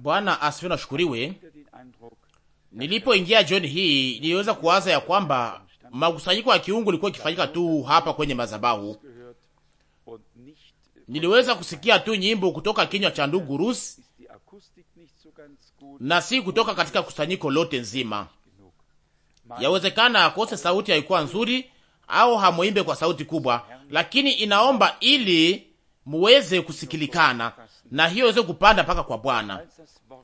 Bwana asifiwe na shukuriwe. Nilipoingia jioni hii niliweza kuwaza ya kwamba makusanyiko ya kiungu ilikuwa ikifanyika tu hapa kwenye madhabahu. Niliweza kusikia tu nyimbo kutoka kinywa cha ndugu Rus na si kutoka katika kusanyiko lote nzima. Yawezekana akose sauti haikuwa nzuri, au hamwimbe kwa sauti kubwa, lakini inaomba ili muweze kusikilikana na hiyo iweze kupanda mpaka kwa Bwana.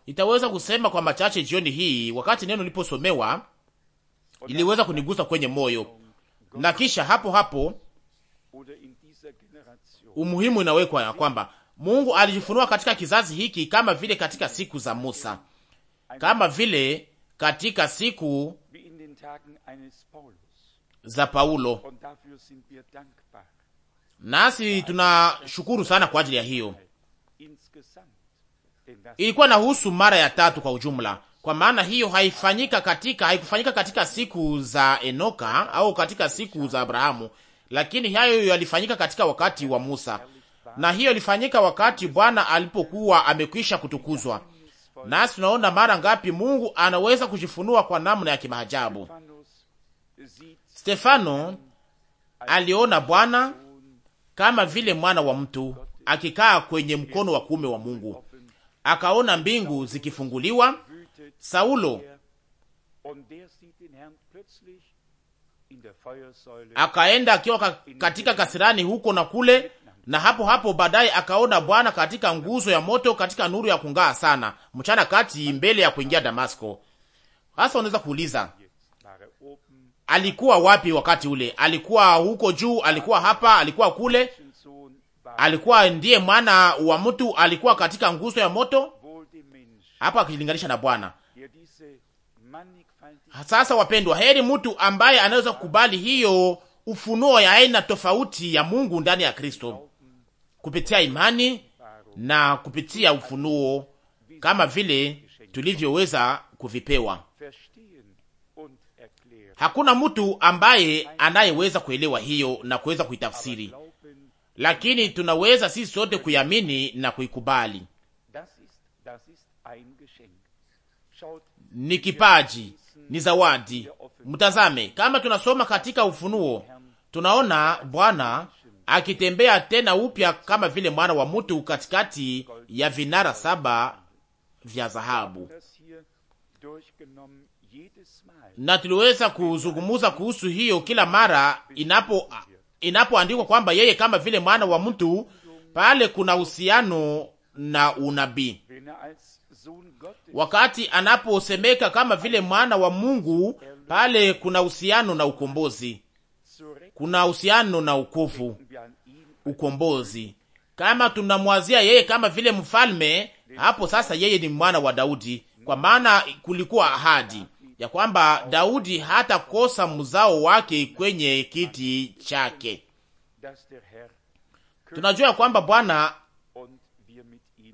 itaweza kusema kwa machache jioni hii, wakati neno liposomewa iliweza kunigusa kwenye moyo, na kisha hapo hapo umuhimu inawekwa ya kwamba Mungu alijifunua katika kizazi hiki kama vile katika siku za Musa, kama vile katika siku za Paulo nasi tunashukuru sana kwa ajili ya hiyo. Ilikuwa nahusu mara ya tatu kwa ujumla, kwa maana hiyo haifanyika katika, haikufanyika katika siku za Enoka au katika siku za Abrahamu, lakini hayo yalifanyika katika wakati wa Musa, na hiyo ilifanyika wakati Bwana alipokuwa amekwisha kutukuzwa. Nasi tunaona mara ngapi Mungu anaweza kujifunua kwa namna ya kimaajabu. Stefano aliona Bwana kama vile mwana wa mtu akikaa kwenye mkono wa kuume wa Mungu. Akaona mbingu zikifunguliwa. Saulo akaenda akiwa katika kasirani huko na kule, na hapo hapo baadaye akaona Bwana katika nguzo ya moto, katika nuru ya kung'aa sana mchana kati, mbele ya kuingia Damasko. Hasa unaweza kuuliza alikuwa wapi wakati ule? Alikuwa huko juu, alikuwa hapa, alikuwa kule, alikuwa ndiye mwana wa mtu, alikuwa katika nguzo ya moto hapa, akilinganisha na Bwana. Sasa wapendwa, heri mtu ambaye anaweza kukubali hiyo ufunuo ya aina tofauti ya Mungu ndani ya Kristo kupitia imani na kupitia ufunuo kama vile tulivyoweza kuvipewa. Hakuna mtu ambaye anayeweza kuelewa hiyo na kuweza kuitafsiri, lakini tunaweza sisi sote kuiamini na kuikubali. Ni kipaji, ni zawadi. Mtazame, kama tunasoma katika Ufunuo, tunaona Bwana akitembea tena upya kama vile mwana wa mtu katikati ya vinara saba vya dhahabu na tuliweza kuzungumuza kuhusu hiyo kila mara inapo inapoandikwa kwamba yeye kama vile mwana wa mtu, pale kuna uhusiano na unabii. Wakati anaposemeka kama vile mwana wa Mungu, pale kuna uhusiano na ukombozi, kuna uhusiano na ukovu, ukombozi. Kama tunamwazia yeye kama vile mfalme, hapo sasa yeye ni mwana wa Daudi, kwa maana kulikuwa ahadi ya kwamba Daudi hatakosa mzao wake kwenye kiti chake. Tunajua kwamba Bwana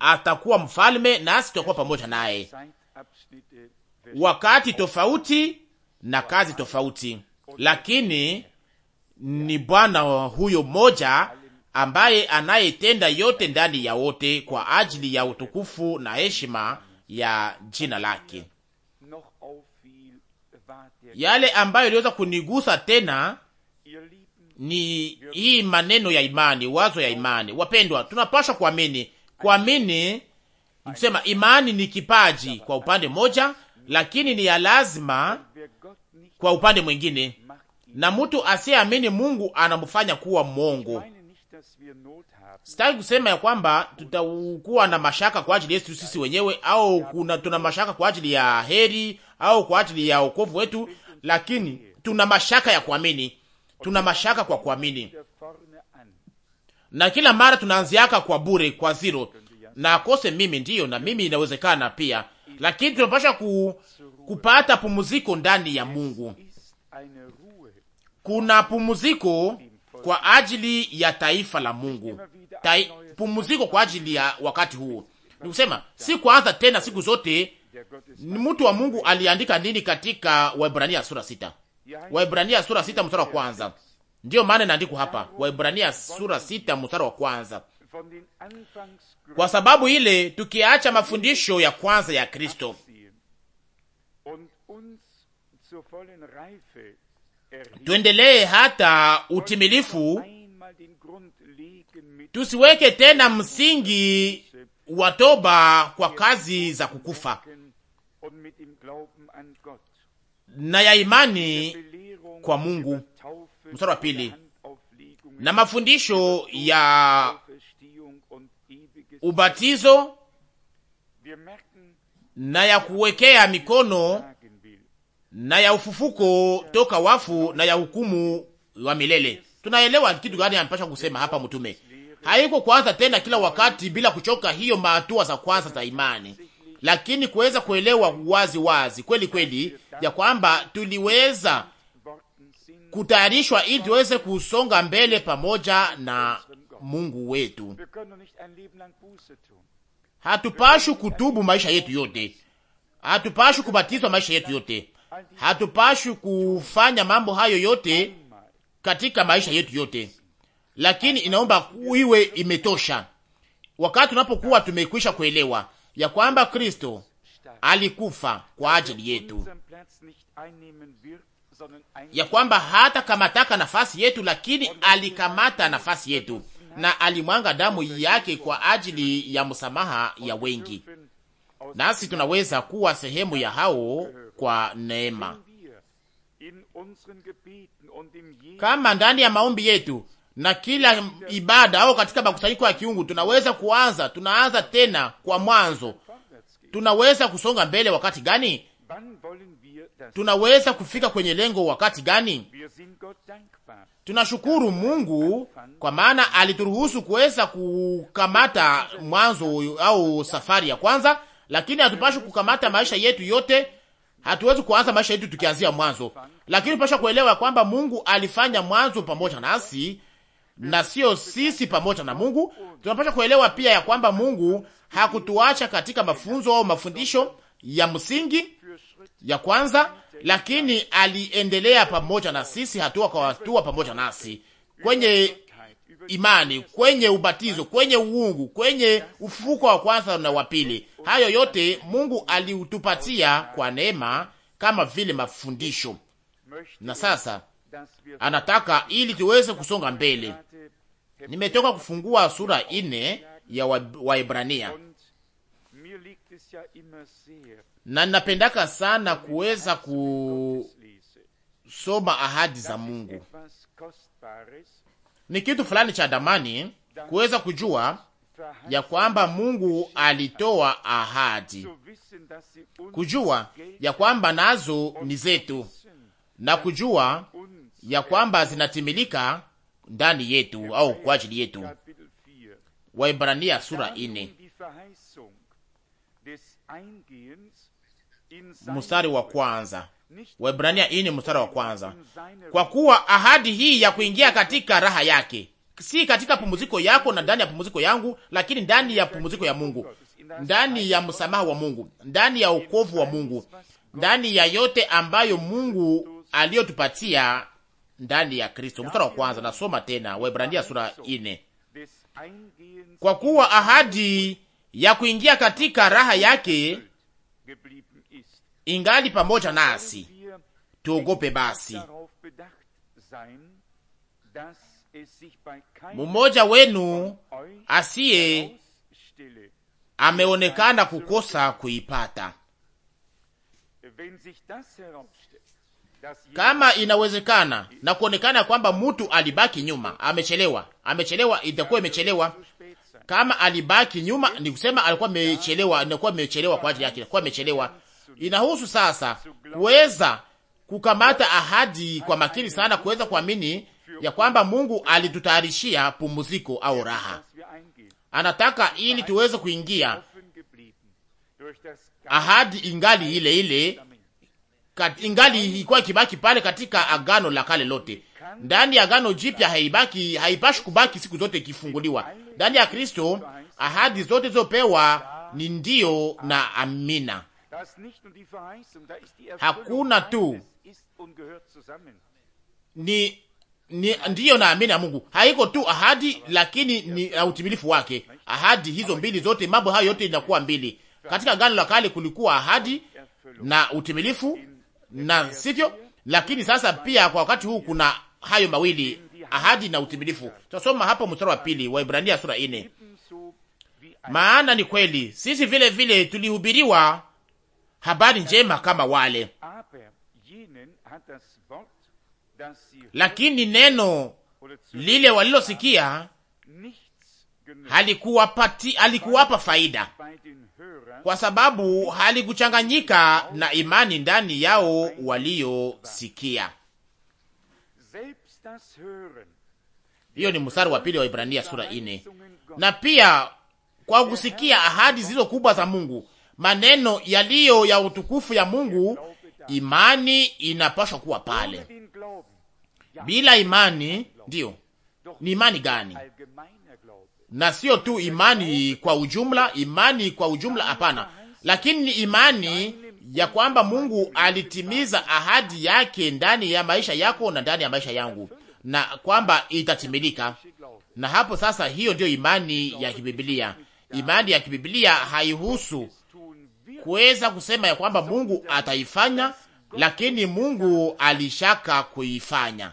atakuwa mfalme nasi tutakuwa pamoja naye, wakati tofauti na kazi tofauti, lakini ni Bwana huyo mmoja ambaye anayetenda yote ndani ya wote kwa ajili ya utukufu na heshima ya jina lake. Yale ambayo iliweza kunigusa tena ni hii maneno ya imani, wazo ya imani. Wapendwa, tunapaswa kuamini. Kuamini kusema, imani ni kipaji kwa upande mmoja, lakini ni ya lazima kwa upande mwingine, na mtu asiyeamini Mungu anamfanya kuwa mwongo. Sitaki kusema ya kwamba tutakuwa na mashaka kwa ajili yetu sisi wenyewe au kuna tuna mashaka kwa ajili ya heri au kwa ajili ya wokovu wetu, lakini tuna mashaka ya kuamini, tuna mashaka kwa kuamini, na kila mara tunaanziaka kwa bure, kwa zero na akose mimi ndiyo, na mimi inawezekana pia, lakini tunapasha ku, kupata pumuziko ndani ya Mungu. Kuna pumuziko kwa ajili ya taifa la Mungu Ta, pumuziko kwa ajili ya wakati huu, nikusema si kuanza tena siku zote mtu wa Mungu aliandika nini katika Waebrania sura sita? Waebrania sura sita mstari wa kwanza. Ndiyo maana inaandikwa hapa Waebrania sura sita mstari wa kwanza, kwa sababu ile tukiacha mafundisho ya kwanza ya Kristo tuendelee hata utimilifu, tusiweke tena msingi wa toba kwa kazi za kukufa, na ya imani kwa Mungu. Mstari wa pili, na mafundisho ya ubatizo na ya kuwekea mikono na ya ufufuko toka wafu na ya hukumu wa milele. Tunaelewa kitu gani anapasha kusema hapa mtume? Haiko kwanza tena kila wakati bila kuchoka hiyo mahatua za kwanza za imani lakini kuweza kuelewa wazi wazi kweli kweli ya kwamba tuliweza kutayarishwa ili tuweze kusonga mbele pamoja na Mungu wetu. Hatupashi kutubu maisha yetu yote, hatupashi kubatizwa maisha yetu yote, hatupashi kufanya mambo hayo yote katika maisha yetu yote, lakini inaomba iwe imetosha wakati tunapokuwa tumekwisha kuelewa ya kwamba Kristo alikufa kwa ajili yetu, ya kwamba hata kamataka nafasi yetu, lakini alikamata nafasi yetu na alimwanga damu yake kwa ajili ya msamaha ya wengi, nasi tunaweza kuwa sehemu ya hao kwa neema. Kama ndani ya maombi yetu na kila ibada au katika makusanyiko ya kiungu tunaweza kuanza, tunaanza tena kwa mwanzo. Tunaweza kusonga mbele wakati gani? Tunaweza kufika kwenye lengo wakati gani? Tunashukuru Mungu kwa maana alituruhusu kuweza kukamata mwanzo au safari ya kwanza, lakini hatupashi kukamata maisha yetu yote. Hatuwezi kuanza maisha yetu tukianzia mwanzo, lakini tunapaswa kuelewa kwamba Mungu alifanya mwanzo pamoja nasi na sio sisi pamoja na Mungu. Tunapaswa kuelewa pia ya kwamba Mungu hakutuacha katika mafunzo au mafundisho ya msingi ya kwanza, lakini aliendelea pamoja na sisi hatua kwa hatua, pamoja nasi kwenye imani, kwenye ubatizo, kwenye uungu, kwenye ufuko wa kwanza na wa pili. Hayo yote Mungu aliutupatia kwa neema kama vile mafundisho. Na sasa anataka ili tuweze kusonga mbele. Nimetoka kufungua sura ine ya Waebrania wa na ninapendaka sana kuweza kusoma ahadi za Mungu. Ni kitu fulani cha damani kuweza kujua ya kwamba Mungu alitoa ahadi, kujua ya kwamba nazo ni zetu, na kujua ya kwamba zinatimilika ndani yetu au kwa ajili yetu. waibrania sura ine mstari wa kwanza. Waibrania ine mstari wa kwanza: kwa kuwa ahadi hii ya kuingia katika raha yake si katika pumziko yako na ndani ya pumziko yangu, lakini ndani ya pumziko ya Mungu, ndani ya msamaha wa Mungu, ndani ya wokovu wa Mungu, ndani ya yote ambayo Mungu aliyotupatia ndani ya Kristo. Mstari wa kwanza nasoma tena, Waebrania sura ine. Kwa kuwa ahadi ya kuingia katika raha yake ingali pamoja nasi, tuogope basi. Mmoja wenu asiye ameonekana kukosa kuipata kama inawezekana na kuonekana kwamba mtu alibaki nyuma, amechelewa, amechelewa, itakuwa imechelewa. Kama alibaki nyuma, ni kusema alikuwa amechelewa, inakuwa amechelewa kwa ajili yake, alikuwa amechelewa. Inahusu sasa kuweza kukamata ahadi kwa makini sana, kuweza kuamini ya kwamba Mungu alitutayarishia pumziko au raha, anataka ili tuweze kuingia ahadi ingali ile ile kat, ingali ilikuwa ikibaki pale katika agano la kale lote. Ndani ya agano jipya haibaki, haipashi kubaki siku zote ikifunguliwa. Ndani ya Kristo ahadi zote zopewa ni ndio na amina. Hakuna tu ni, ni ndiyo na amina ya Mungu. Haiko tu ahadi, lakini ni na utimilifu wake. Ahadi hizo mbili zote, mambo hayo yote inakuwa mbili. Katika gano la kale kulikuwa ahadi na utimilifu na sivyo? Lakini sasa pia kwa wakati huu kuna hayo mawili, ahadi na utimilifu. Tutasoma hapo mstari wa pili wa Ibrania sura ine. Maana ni kweli sisi vile vile tulihubiriwa habari njema kama wale, lakini neno lile walilosikia halikuwapati, halikuwapa faida kwa sababu halikuchanganyika na imani ndani yao waliosikia. Hiyo ni mstari wa pili wa Ibrania sura ine. Na pia kwa kusikia ahadi zilizo kubwa za Mungu, maneno yaliyo ya utukufu ya Mungu, imani inapaswa kuwa pale. Bila imani, ndiyo ni imani gani? na sio tu imani kwa ujumla, imani kwa ujumla, hapana, lakini ni imani ya kwamba Mungu alitimiza ahadi yake ndani ya maisha yako na ndani ya maisha yangu, na kwamba itatimilika. Na hapo sasa, hiyo ndio imani ya kibiblia. Imani ya kibiblia haihusu kuweza kusema ya kwamba Mungu ataifanya, lakini Mungu alishaka kuifanya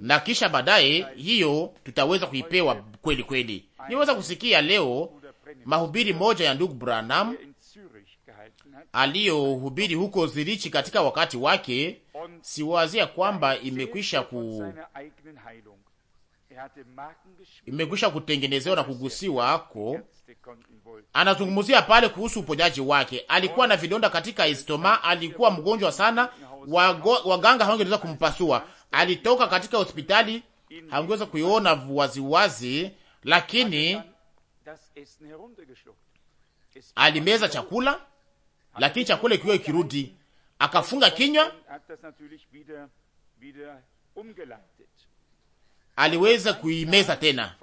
na kisha baadaye hiyo tutaweza kuipewa kweli kweli. Niweza kusikia leo mahubiri moja ya ndugu Branham aliyohubiri huko Zirichi katika wakati wake, siwazia kwamba imekwisha ku imekwisha kutengenezewa na kugusiwa ako Anazungumzia pale kuhusu uponyaji wake. Alikuwa na vidonda katika istoma, alikuwa mgonjwa sana, waganga hawangeweza kumpasua alitoka katika hospitali, hangeweza kuiona waziwazi, lakini alimeza er chakula, er lakini chakula ikiwa ikirudi, akafunga kinywa, aliweza kuimeza tena,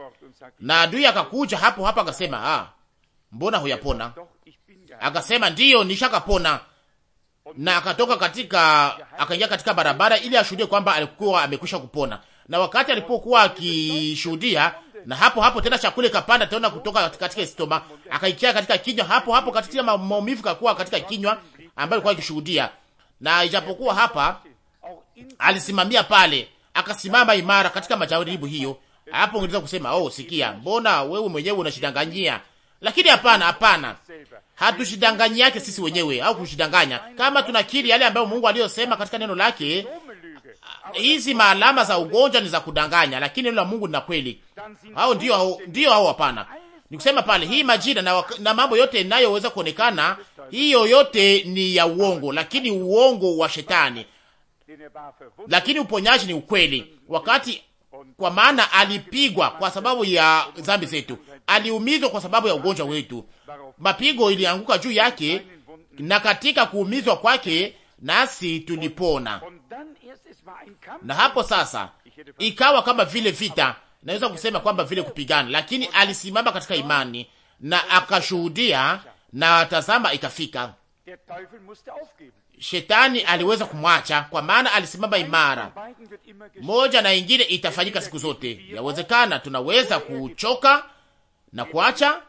na adui akakuja hapo hapo akasema, ah, mbona huyapona? Akasema ndiyo, nishakapona na akatoka katika akaingia katika barabara ili ashuhudie kwamba alikuwa amekwisha kupona. Na wakati alipokuwa akishuhudia, na hapo hapo tena chakula kapanda tena kutoka katika stoma akaikia katika kinywa, hapo hapo katika maumivu kakuwa katika kinywa ambayo alikuwa akishuhudia. Na ijapokuwa hapa alisimamia pale, akasimama imara katika majaribu hiyo. Hapo ungeweza kusema oh, sikia, mbona wewe mwenyewe unashidanganyia lakini hapana, hapana, hatushidanganyi yake sisi wenyewe au kujidanganya. Kama tunakiri yale ambayo Mungu aliyosema katika neno lake, hizi maalama za ugonjwa ni za kudanganya, lakini neno la Mungu ni la kweli. Hao ndio ndio, hao hapana. Nikusema pale hii majina na, na mambo yote inayoweza kuonekana, hiyo yote ni ya uongo, lakini uongo wa shetani, lakini uponyaji ni ukweli wakati kwa maana alipigwa kwa sababu ya dhambi zetu, aliumizwa kwa sababu ya ugonjwa wetu, mapigo ilianguka juu yake, na katika kuumizwa kwake nasi tulipona. Na hapo sasa ikawa kama vile vita, naweza kusema kwamba vile kupigana, lakini alisimama katika imani na akashuhudia, na tazama, ikafika Shetani aliweza kumwacha kwa maana alisimama imara. Moja na ingine itafanyika siku zote, yawezekana tunaweza kuchoka na kuacha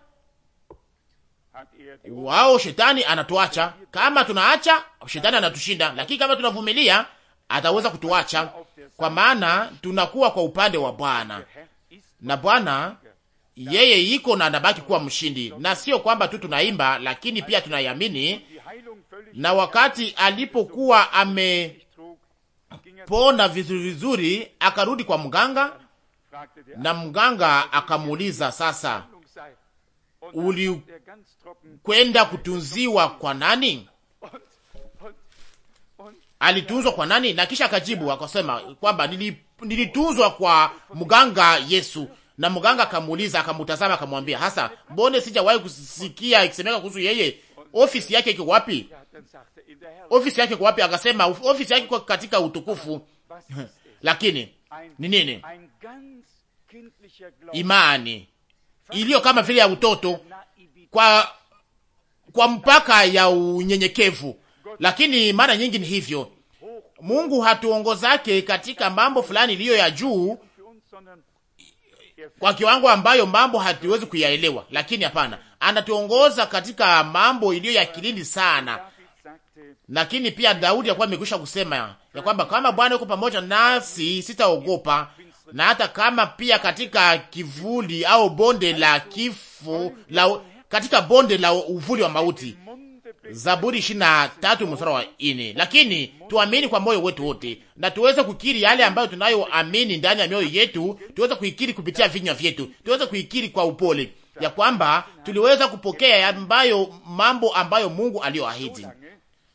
wao, shetani anatuacha. Kama tunaacha, shetani anatushinda, lakini kama tunavumilia, ataweza kutuacha, kwa maana tunakuwa kwa upande wa Bwana na Bwana yeye iko na anabaki kuwa mshindi, na sio kwamba tu tunaimba, lakini pia tunaiamini. Na wakati alipokuwa amepona vizuri vizuri, akarudi kwa mganga na mganga akamuuliza, sasa ulikwenda kutunziwa kwa nani? Alitunzwa kwa nani? Na kisha akajibu akasema kwamba nilitunzwa kwa mganga Yesu. Na mganga akamuuliza, akamutazama, akamwambia, hasa mbone sijawahi kusikia ikisemeka kuhusu yeye? Ofisi yake iko wapi? Ofisi yake iko wapi? Akasema ofisi yake iko katika utukufu. Lakini ni nini? imani iliyo kama vile ya utoto kwa, kwa mpaka ya unyenyekevu. Lakini mara nyingi ni hivyo, Mungu hatuongozake katika mambo fulani iliyo ya juu kwa kiwango ambayo mambo hatuwezi kuyaelewa, lakini hapana, anatuongoza katika mambo iliyo ya kilindi sana. Lakini pia Daudi alikuwa amekwisha kusema ya kwamba kama Bwana yuko pamoja nasi sitaogopa, na hata kama pia katika kivuli au bonde la kifo la, katika bonde la uvuli wa mauti. Zaburi ishirini na tatu mstari wa nne. Lakini tuamini kwa moyo wetu wote na tuweze kukiri yale ambayo tunayoamini ndani ya mioyo yetu, tuweze kuikiri kupitia vinywa vyetu, tuweze kuikiri kwa upole ya kwamba tuliweza kupokea ambayo mambo ambayo Mungu aliyoahidi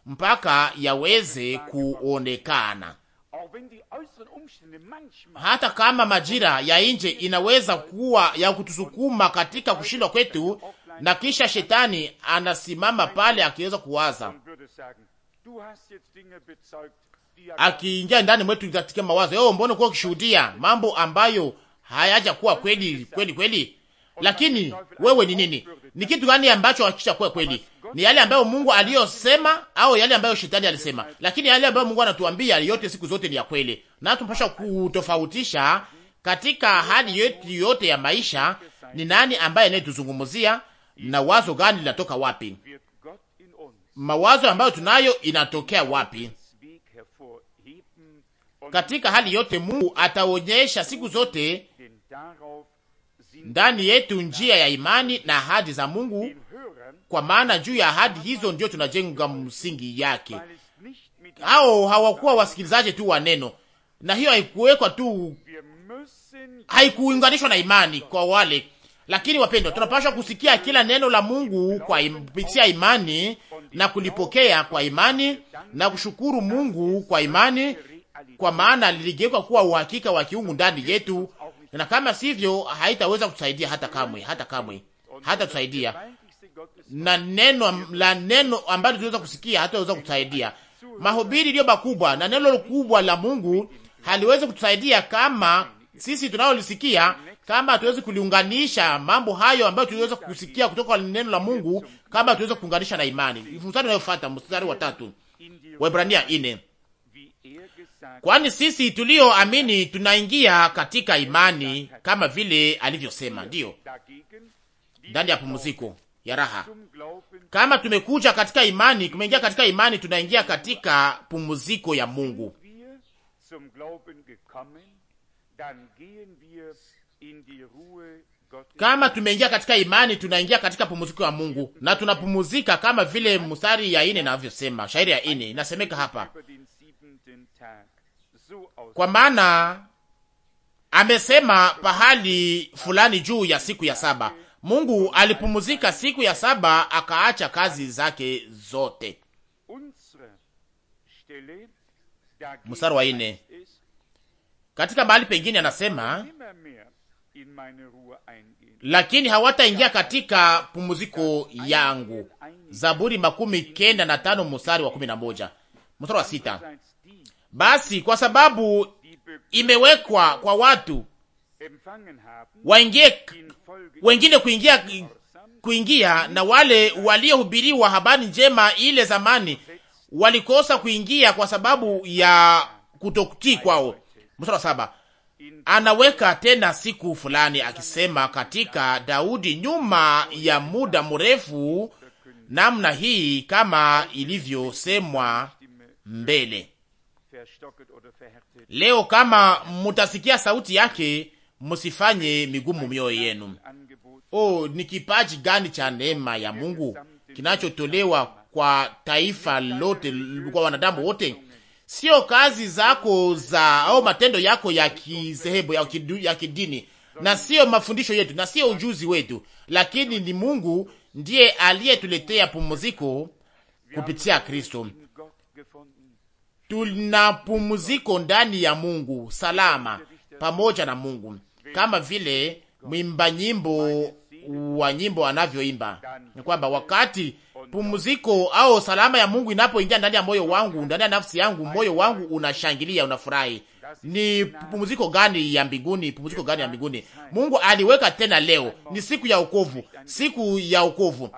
mpaka yaweze kuonekana hata kama majira ya nje inaweza kuwa ya kutusukuma katika kushindwa kwetu, na kisha shetani anasimama pale akiweza kuwaza, akiingia ndani mwetu katika mawazo yo, mbona kuwa ukishuhudia mambo ambayo hayaja kuwa kweli kweli kweli. Lakini wewe ni nini? Ni kitu gani ambacho kuwa kweli? Ni yale ambayo Mungu aliyosema au yale ambayo shetani alisema? Lakini yale ambayo Mungu anatuambia yote siku zote ni ya kweli na tunapasha kutofautisha katika hali yetu yote ya maisha, ni nani ambaye anayetuzungumzia na wazo gani linatoka wapi, mawazo ambayo tunayo inatokea wapi. Katika hali yote, Mungu ataonyesha siku zote ndani yetu njia ya imani na ahadi za Mungu, kwa maana juu ya ahadi hizo ndio tunajenga msingi yake. Hao hawakuwa wasikilizaji tu wa neno, na hiyo haikuwekwa tu, haikuunganishwa na imani kwa wale lakini wapendwa, tunapaswa kusikia kila neno la Mungu kwa im, kupitia imani na kulipokea kwa imani na kushukuru Mungu kwa imani, kwa maana liligeuka kuwa uhakika wa kiungu ndani yetu, na kama sivyo haitaweza kutusaidia hata kamwe, hata kamwe, hata tusaidia na neno la neno ambalo tunaweza kusikia, hataweza kutusaidia mahubiri iliyo makubwa na neno kubwa la Mungu haliwezi kutusaidia kama sisi tunalolisikia kama hatuwezi kuliunganisha mambo hayo ambayo tuliweza kusikia kutoka kwa neno la Mungu, kama hatuweza kuunganisha na imani. Mstari unayofuata mstari wa tatu, Waebrania ine, kwani sisi tulioamini tunaingia katika imani kama vile alivyosema. Ndiyo, ndani ya pumziko ya raha, kama tumekuja katika imani, tumeingia katika imani, tunaingia katika pumziko ya Mungu. Kama tumeingia katika imani, tunaingia katika pumuziko ya Mungu na tunapumuzika, kama vile mstari ya ine navyosema, shairi ya ine inasemeka hapa, kwa maana amesema pahali fulani juu ya siku ya saba. Mungu alipumuzika siku ya saba, akaacha kazi zake zote mstari wa ine. Katika mahali pengine anasema lakini hawataingia katika pumziko yangu. Zaburi makumi kenda na tano mstari wa kumi na moja mstari wa sita. Basi kwa sababu imewekwa kwa watu waingie wengine kuingia kuingia, na wale waliohubiriwa habari njema ile zamani walikosa kuingia kwa sababu ya kutokutii kwao. Mstari wa saba anaweka tena siku fulani akisema katika Daudi, nyuma ya muda mrefu namna hii kama ilivyosemwa mbele. Leo kama mutasikia sauti yake, msifanye migumu mioyo yenu. Oh, ni kipaji gani cha neema ya Mungu kinachotolewa kwa taifa lote, kwa wanadamu wote. Sio kazi zako za au matendo yako ya kizehebu ya, kidu, ya kidini, na sio mafundisho yetu na sio ujuzi wetu, lakini ni Mungu ndiye aliyetuletea pumziko kupitia Kristo. Tuna pumziko ndani ya Mungu, salama pamoja na Mungu, kama vile mwimba nyimbo wa nyimbo anavyoimba, ni kwamba wakati pumziko au salama ya Mungu inapoingia ndani ya moyo wangu, ndani ya nafsi yangu, moyo wangu unashangilia, unafurahi. Ni pumziko gani ya mbinguni? Pumziko gani ya mbinguni Mungu aliweka tena leo. Ni siku ya ukovu, siku ya ukovu,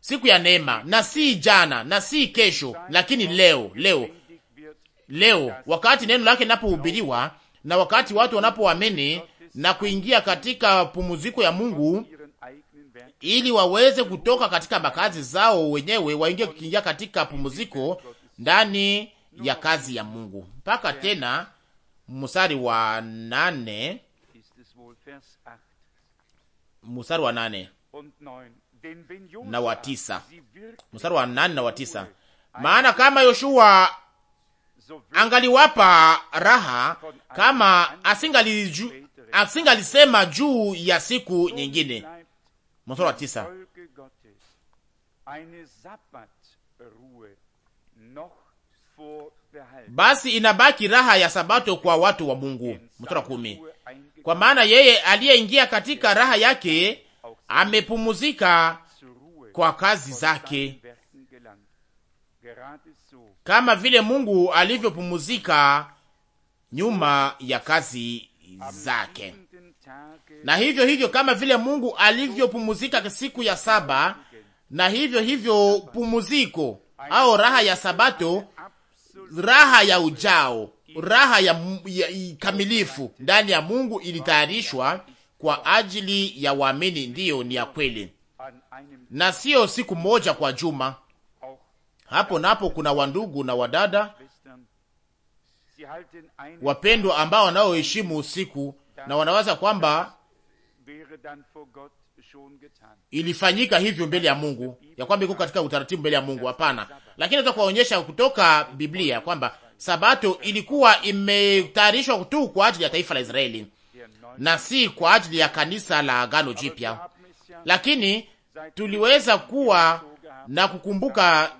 siku ya neema, na si jana na si kesho, lakini leo, leo, leo, wakati neno lake linapohubiriwa na wakati watu wanapoamini na kuingia katika pumziko ya Mungu ili waweze kutoka katika makazi zao wenyewe waingie kuingia katika pumziko ndani ya kazi ya Mungu. Mpaka tena mstari wa nane, mstari wa nane na wa tisa, mstari wa nane na wa tisa. Maana kama Yoshua angaliwapa raha, kama asingalisema juu ya siku nyingine mstari wa tisa basi inabaki raha ya sabato kwa watu wa Mungu. Mstari wa kumi, kwa maana yeye aliyeingia katika raha yake amepumuzika kwa kazi zake kama vile Mungu alivyopumuzika nyuma ya kazi zake. Na hivyo hivyo kama vile Mungu alivyopumuzika siku ya saba, na hivyo hivyo pumuziko au raha ya Sabato, raha ya ujao, raha ya, ya, ya kamilifu ndani ya Mungu ilitayarishwa kwa ajili ya waamini. Ndiyo, ni ya kweli, na siyo siku moja kwa juma. Hapo napo kuna wandugu na wadada wapendwa ambao wanaoheshimu usiku na wanawaza kwamba ilifanyika hivyo mbele ya Mungu, ya kwamba iko katika utaratibu mbele ya Mungu. Hapana, lakini naweza kuwaonyesha kutoka Biblia kwamba sabato ilikuwa imetayarishwa tu kwa ajili ya taifa la Israeli na si kwa ajili ya kanisa la Agano Jipya, lakini tuliweza kuwa na kukumbuka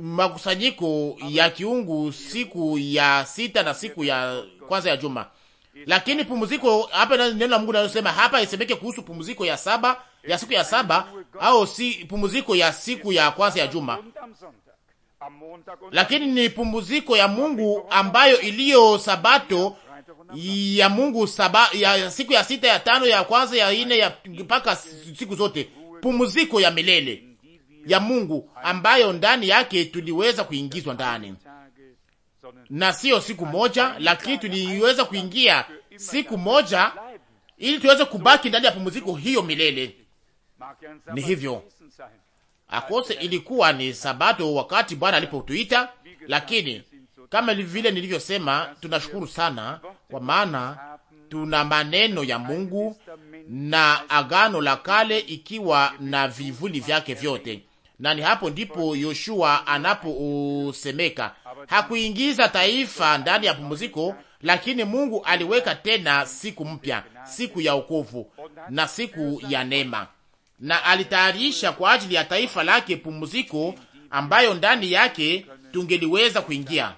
makusanyiko ya kiungu siku ya sita na siku ya kwanza ya juma lakini pumziko hapa neno la Mungu linalosema hapa isemeke kuhusu pumziko ya saba ya siku ya saba au si pumziko ya siku ya kwanza ya juma, lakini ni pumziko ya Mungu ambayo iliyo sabato ya Mungu saba, ya siku ya sita ya tano ya kwanza ya nne ya mpaka siku zote, pumziko ya milele ya Mungu ambayo ndani yake tuliweza kuingizwa ndani na sio siku moja, lakini tuliweza kuingia siku moja ili tuweze kubaki ndani ya pumziko hiyo milele. Ni hivyo akose, ilikuwa ni Sabato wakati Bwana alipotuita, lakini kama vile nilivyosema, tunashukuru sana kwa maana tuna maneno ya Mungu na agano la kale ikiwa na vivuli vyake vyote na ni hapo ndipo Yoshua anapousemeka. Hakuingiza taifa ndani ya pumziko, lakini Mungu aliweka tena siku mpya, siku ya wokovu na siku ya neema, na alitayarisha kwa ajili ya taifa lake pumziko ambayo ndani yake tungeliweza kuingia,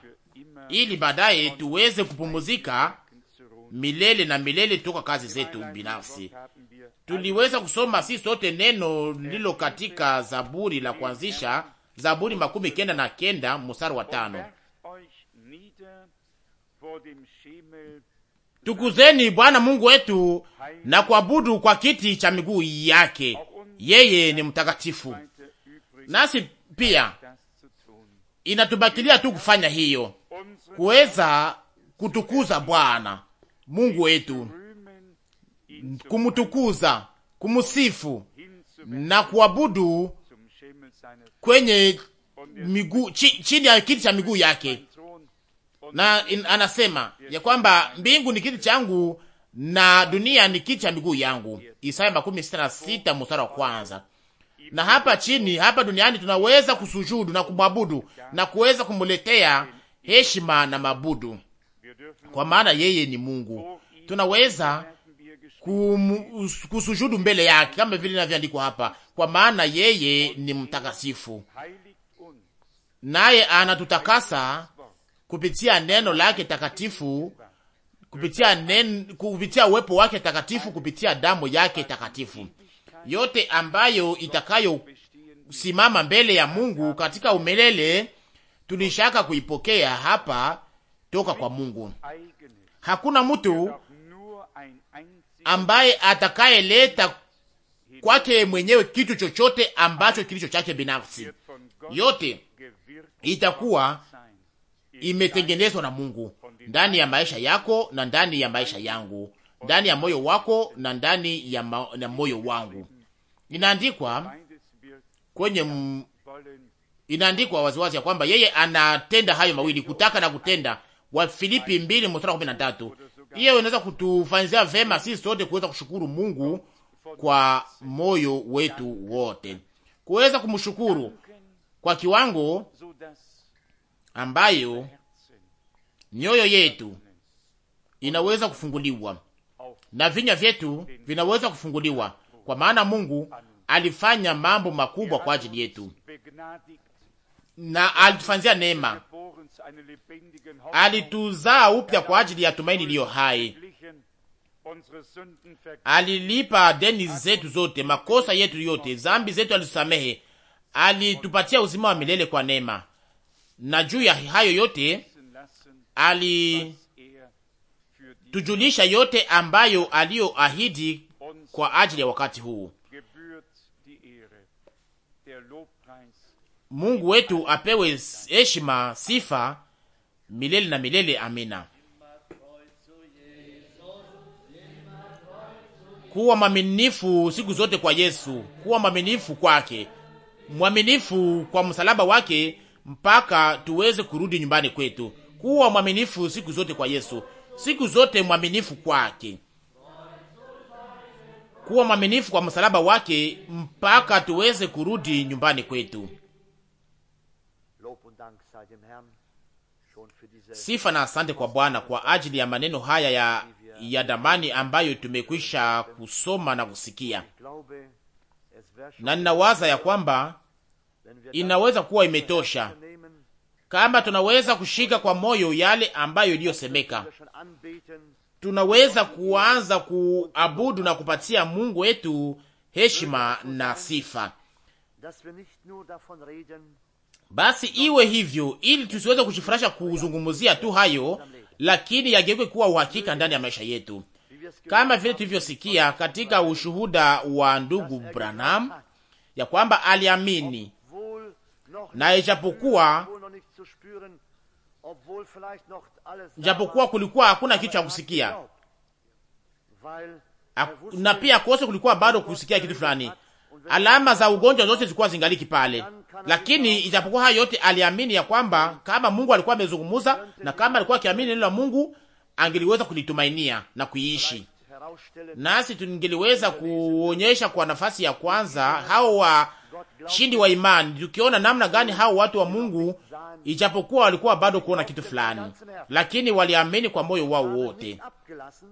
ili baadaye tuweze kupumzika milele na milele toka kazi zetu binafsi tuliweza kusoma si sote neno lilo eh, katika eh, Zaburi la eh, kuanzisha, Zaburi makumi kenda na kenda mstari wa tano tukuzeni Bwana Mungu wetu na kuabudu kwa kiti cha miguu yake, yeye ni mtakatifu. Nasi um pia inatubakilia tu kufanya hiyo, kuweza kutukuza Bwana Mungu wetu kumutukuza kumusifu na kuabudu kwenye migu, chi, chini ya kiti cha miguu yake, na in, anasema ya kwamba mbingu ni kiti changu na dunia ni kiti cha miguu yangu, Isaya makumi sita na sita mstari wa kwanza. Na hapa chini hapa duniani tunaweza kusujudu na kumwabudu na kuweza kumuletea heshima na mabudu, kwa maana yeye ni Mungu. Tunaweza kusujudu mbele yake, kama vile inavyoandikwa hapa, kwa maana yeye ni mtakatifu, naye anatutakasa kupitia neno lake takatifu, kupitia neno, kupitia uwepo wake takatifu, kupitia damu yake takatifu, yote ambayo itakayosimama mbele ya Mungu katika umelele tulishaka kuipokea hapa toka kwa Mungu. Hakuna mtu ambaye atakayeleta kwake mwenyewe kitu chochote ambacho kilicho chake binafsi. Yote itakuwa imetengenezwa na Mungu ndani ya maisha yako na ndani ya maisha yangu, ndani ya moyo wako na ndani ya ma, na moyo wangu. Inaandikwa kwenye inaandikwa waziwazi ya kwamba yeye anatenda hayo mawili, kutaka na kutenda. Wafilipi mbili mstari wa kumi na tatu hiyo inaweza kutufanyizia vema sisi sote kuweza kushukuru Mungu kwa moyo wetu wote, kuweza kumshukuru kwa kiwango ambayo mioyo yetu inaweza kufunguliwa na vinywa vyetu vinaweza kufunguliwa, kwa maana Mungu alifanya mambo makubwa kwa ajili yetu na alitufanyia neema alituzaa upya kwa ajili ya tumaini iliyo hai, alilipa deni zetu zote, makosa yetu yote, zambi zetu alitusamehe, alitupatia uzima wa milele kwa neema, na juu ya hayo yote alitujulisha yote ambayo aliyoahidi kwa ajili ya wakati huu. Mungu wetu apewe heshima, sifa milele na milele. Amina. Kuwa mwaminifu siku zote kwa Yesu, kuwa mwaminifu kwake, mwaminifu kwa msalaba wake, mpaka tuweze kurudi nyumbani kwetu. Kuwa mwaminifu siku zote kwa Yesu, siku zote mwaminifu kwake, kuwa mwaminifu kwa msalaba wake, mpaka tuweze kurudi nyumbani kwetu. Sifa na asante kwa Bwana kwa ajili ya maneno haya ya ya damani ambayo tumekwisha kusoma na kusikia, na ninawaza ya kwamba inaweza kuwa imetosha kama tunaweza kushika kwa moyo yale ambayo iliyosemeka. Tunaweza kuanza kuabudu na kupatia Mungu wetu heshima na sifa basi iwe hivyo, ili tusiweze kujifurahisha kuzungumzia tu hayo, lakini yageuke kuwa uhakika ndani ya maisha yetu, kama vile tulivyosikia katika ushuhuda wa ndugu Branham ya kwamba aliamini na ijapokuwa japokuwa kulikuwa hakuna kitu cha kusikia na pia kose kulikuwa bado kusikia kitu fulani, alama za ugonjwa zote zilikuwa zingaliki pale, lakini ijapokuwa hayo yote, aliamini ya kwamba kama Mungu alikuwa amezungumza na kama alikuwa akiamini neno la Mungu, angeliweza kulitumainia na kuiishi. Nasi tungeliweza kuonyesha kwa nafasi ya kwanza hao washindi wa imani, tukiona namna gani hao watu wa Mungu, ijapokuwa walikuwa bado kuona kitu fulani, lakini waliamini kwa moyo wao wote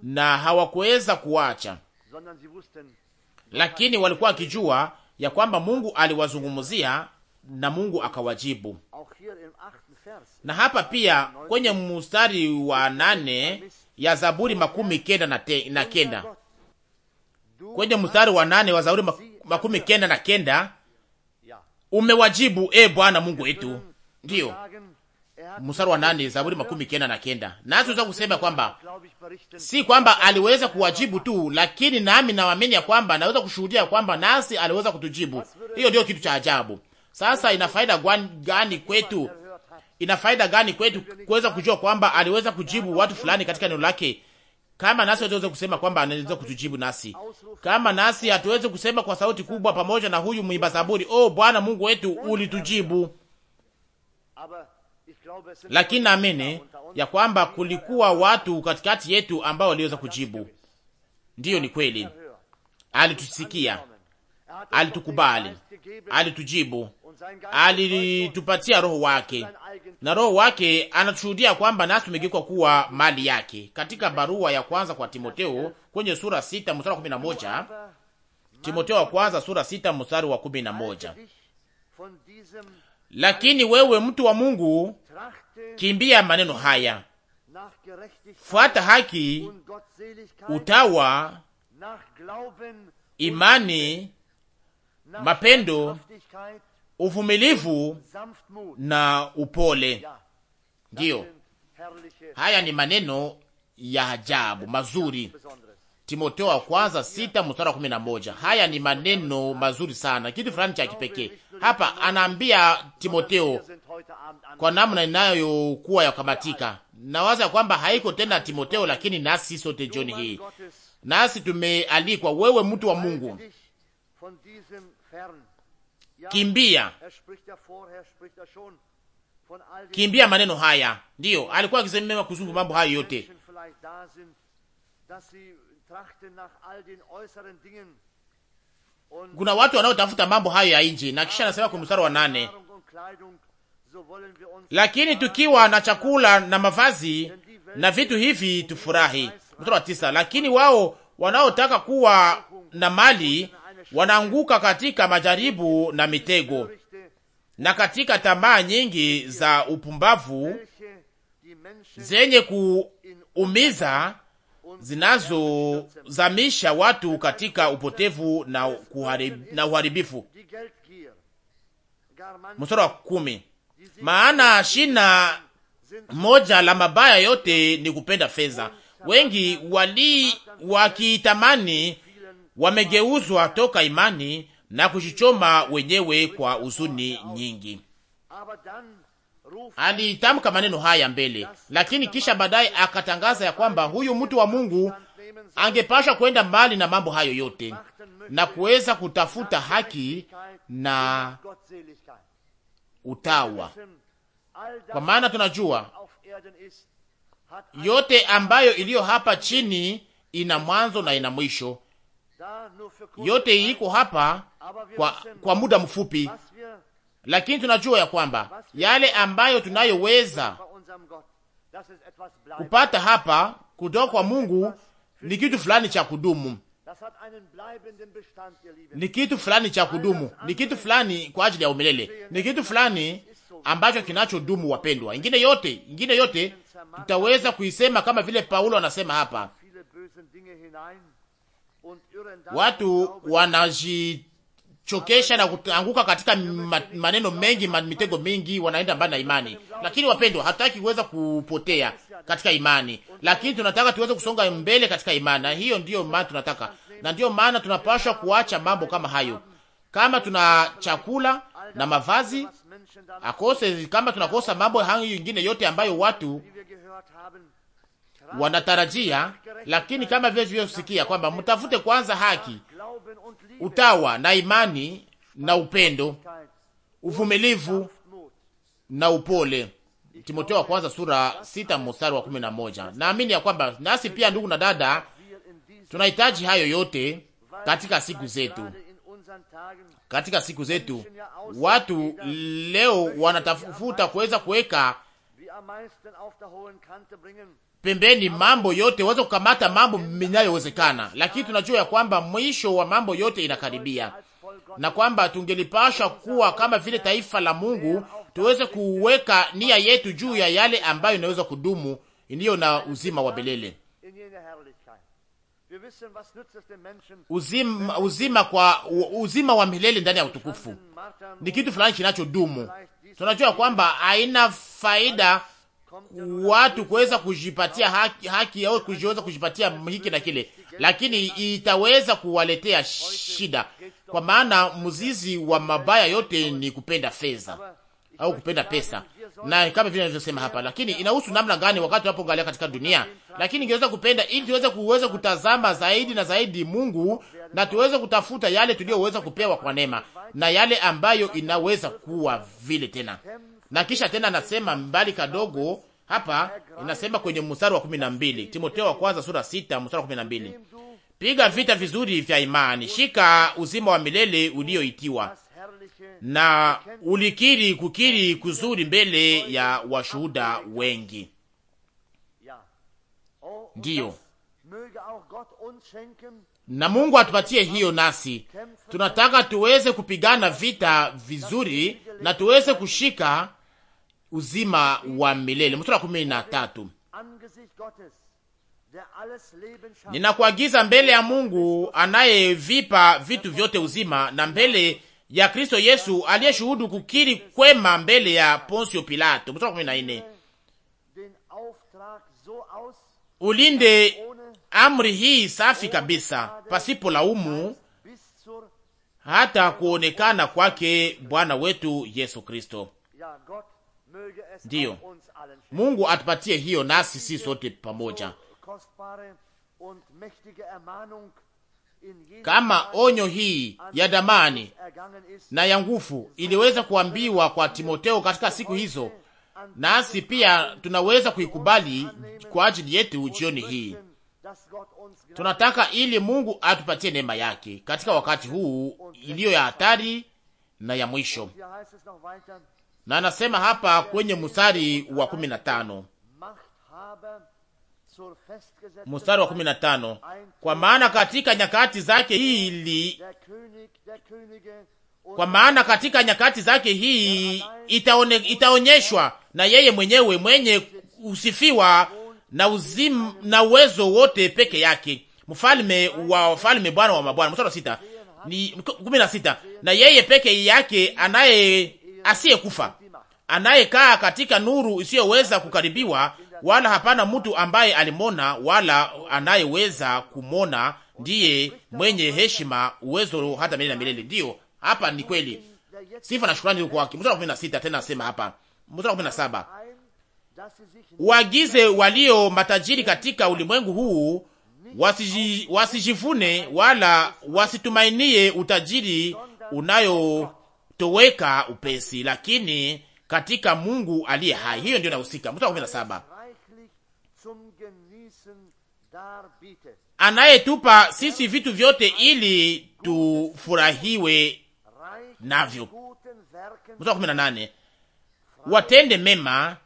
na hawakuweza kuacha, lakini walikuwa wakijua ya kwamba Mungu aliwazungumzia na Mungu akawajibu. Na hapa pia kwenye mstari wa nane ya Zaburi makumi kenda na, te, na kenda kwenye mstari wa nane wa Zaburi makumi kenda na kenda umewajibu e Bwana Mungu wetu. Ndiyo er mstari wa nane Zaburi makumi kenda na kenda nasi tunaweza kusema kwamba si kwamba aliweza kuwajibu tu, lakini nami naamini ya kwamba naweza kushuhudia kwamba nasi aliweza kutujibu. Hiyo ndio kitu cha ajabu. Sasa ina faida gani kwetu? Ina faida gani kwetu kuweza kujua kwamba aliweza kujibu watu fulani katika neno lake, kama nasi hatuweze kusema kwamba anaweza kutujibu nasi, kama nasi hatuwezi kusema kwa sauti kubwa pamoja na huyu mwimba Zaburi, oh Bwana Mungu wetu ulitujibu. Lakini naamini ya kwamba kulikuwa watu katikati yetu ambao waliweza kujibu. Ndiyo, ni kweli, alitusikia alitukubali, alitujibu, alitupatia roho wake, na roho wake anatushuhudia kwamba nasi tumegeuka kuwa mali yake. Katika barua ya kwanza kwa Timoteo kwenye sura sita mstari wa kumi na moja Timoteo wa kwanza sura sita mstari wa kumi na moja lakini wewe mtu wa Mungu, kimbia maneno haya, fuata haki, utawa, imani mapendo, uvumilivu na upole. Ndiyo, haya ni maneno ya ajabu mazuri. Timoteo wa kwanza sita mstari wa kumi na moja. Haya ni maneno mazuri sana, kitu fulani cha kipekee hapa. Anaambia Timoteo kwa namna inayokuwa yakamatika. Nawaza ya kwamba haiko tena Timoteo, lakini nasi sote jioni hii nasi tumealikwa, wewe mtu wa Mungu, Kimbia, kimbia maneno haya. Ndiyo alikuwa akisemema kuzungu mambo hayo yote kuna watu wanaotafuta mambo hayo ya nje, na kisha anasema kwa mstari wa nane, lakini tukiwa na chakula na mavazi na vitu hivi tufurahi. Mstari wa tisa, lakini wao wanaotaka kuwa na mali wanaanguka katika majaribu na mitego na katika tamaa nyingi za upumbavu zenye kuumiza zinazozamisha watu katika upotevu na, kuharib, na uharibifu. Mstari wa kumi, maana shina moja la mabaya yote ni kupenda fedha, wengi wali wakiitamani wamegeuzwa toka imani na kujichoma wenyewe kwa huzuni nyingi. Alitamka maneno haya mbele, lakini kisha baadaye akatangaza ya kwamba huyu mtu wa Mungu angepashwa kwenda mbali na mambo hayo yote na kuweza kutafuta haki na utawa, kwa maana tunajua yote ambayo iliyo hapa chini ina mwanzo na ina mwisho, yote iko hapa kwa, kwa muda mfupi, lakini tunajua ya kwamba yale ambayo tunayoweza kupata hapa kutoka kwa Mungu ni kitu fulani cha kudumu, ni kitu fulani cha kudumu, ni kitu fulani kwa ajili ya umilele, ni kitu fulani ambacho kinachodumu. Wapendwa, ingine yote, ingine yote tutaweza kuisema kama vile Paulo anasema hapa Watu wanajichokesha na kuanguka katika maneno mengi, mitego mingi, wanaenda mbali na imani. Lakini wapendwa, hatutaki kuweza kupotea katika imani, lakini tunataka tuweze kusonga mbele katika imani, na hiyo ndiyo maana tunataka, na ndiyo maana tunapaswa kuacha mambo kama hayo. Kama tuna chakula na mavazi akose, kama tunakosa mambo hayo ingine yote ambayo watu wanatarajia, lakini kama vile tulivyosikia kwamba mtafute kwanza haki, utawa na imani na upendo, uvumilivu na upole. Timoteo wa kwanza sura sita mstari wa kumi na moja. Naamini ya kwamba nasi pia ndugu na dada tunahitaji hayo yote katika siku zetu. Katika siku zetu watu leo wanatafuta kuweza kuweka pembeni mambo yote, uweze kukamata mambo minayowezekana, lakini tunajua ya kwamba mwisho wa mambo yote inakaribia na kwamba tungelipasha kuwa kama vile taifa la Mungu, tuweze kuweka nia yetu juu ya yale ambayo inaweza kudumu, iliyo na uzima wa belele, uzima, uzima kwa uzima wa milele ndani ya utukufu. Ni kitu fulani kinachodumu. Tunajua kwamba haina faida watu kuweza kujipatia haki, haki au kujiweza kujipatia hiki na kile, lakini itaweza kuwaletea shida, kwa maana mzizi wa mabaya yote ni kupenda fedha au kupenda pesa, na kama vile ninavyosema hapa, lakini inahusu namna gani wakati unapoangalia katika dunia. Lakini ingeweza kupenda ili tuweze kuweza kutazama zaidi na zaidi Mungu na tuweze kutafuta yale tuliyoweza kupewa kwa neema na yale ambayo inaweza kuwa vile tena na kisha tena anasema mbali kadogo hapa, inasema kwenye mstari wa 12, Timotheo wa kwanza sura sita mstari wa 12, piga vita vizuri vya imani, shika uzima wa milele ulioitiwa na ulikiri kukiri kuzuri mbele ya washuhuda wengi. Ndiyo, na Mungu atupatie hiyo, nasi tunataka tuweze kupigana vita vizuri na tuweze kushika uzima wa milele. Mstari kumi na tatu ninakuagiza mbele ya Mungu anayevipa vitu vyote uzima na mbele ya Kristo Yesu aliyeshuhudu kukiri kwema mbele ya Ponsio Pilato. Mstari wa kumi na nne ulinde amri hii safi kabisa pasipo laumu hata kuonekana kwake Bwana wetu Yesu Kristo. Ndiyo, Mungu atupatie hiyo, nasi si sote pamoja, kama onyo hii ya damani na ya nguvu iliweza kuambiwa kwa Timoteo katika siku hizo, nasi pia tunaweza kuikubali kwa ajili yetu jioni hii. Tunataka ili Mungu atupatie neema yake katika wakati huu iliyo ya hatari na ya mwisho na anasema hapa kwenye mstari wa kumi na tano mstari wa kumi na tano kwa maana katika nyakati zake hili kwa maana katika nyakati zake hii itaone, itaonyeshwa na yeye mwenyewe mwenye usifiwa na uzim, na uwezo wote peke yake, mfalme wa wafalme, Bwana wa mabwana. Mstari wa sita ni kumi na sita na yeye peke yake anaye asiyekufa, anayekaa katika nuru isiyoweza kukaribiwa, wala hapana mtu ambaye alimona wala anayeweza kumona. Ndiye mwenye heshima, uwezo hata milele na milele. Ndiyo, hapa ni kweli. Sifa na shukrani kwa wake. Mstari wa 16 tena asema hapa. Mstari wa 17. Waagize walio matajiri katika ulimwengu huu wasijivune wala wasitumainie utajiri unayo kutoweka upesi, lakini katika Mungu aliye hai, hiyo ndio inahusika. Mstari wa 17 anayetupa sisi vitu vyote ili tufurahiwe navyo. Mstari wa nane watende mema,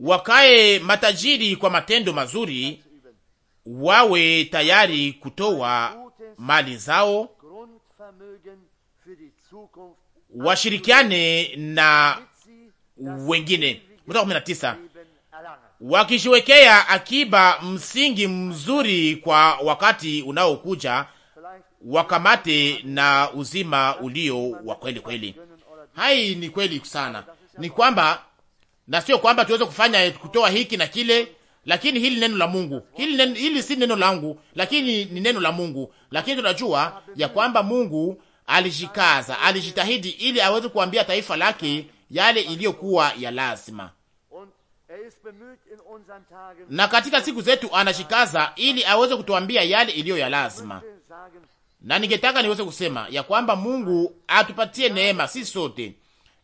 wakae matajiri kwa matendo mazuri, wawe tayari kutoa mali zao washirikiane na wengine. Mstari kumi na tisa, akiba msingi mzuri kwa wakati unaokuja, wakamate na uzima ulio wa kweli kweli. Hai ni kweli sana, ni kwamba na sio kwamba tuweze kufanya kutoa hiki na kile, lakini hili neno la Mungu hili, neno, hili si neno langu, lakini ni neno la Mungu. Lakini tunajua ya kwamba Mungu alijikaza, alijitahidi ili aweze kuambia taifa lake yale iliyokuwa ya lazima, er na katika siku zetu anajikaza ili aweze kutuambia yale iliyo ya lazima. Na ningetaka niweze kusema ya kwamba Mungu atupatie neema sisi sote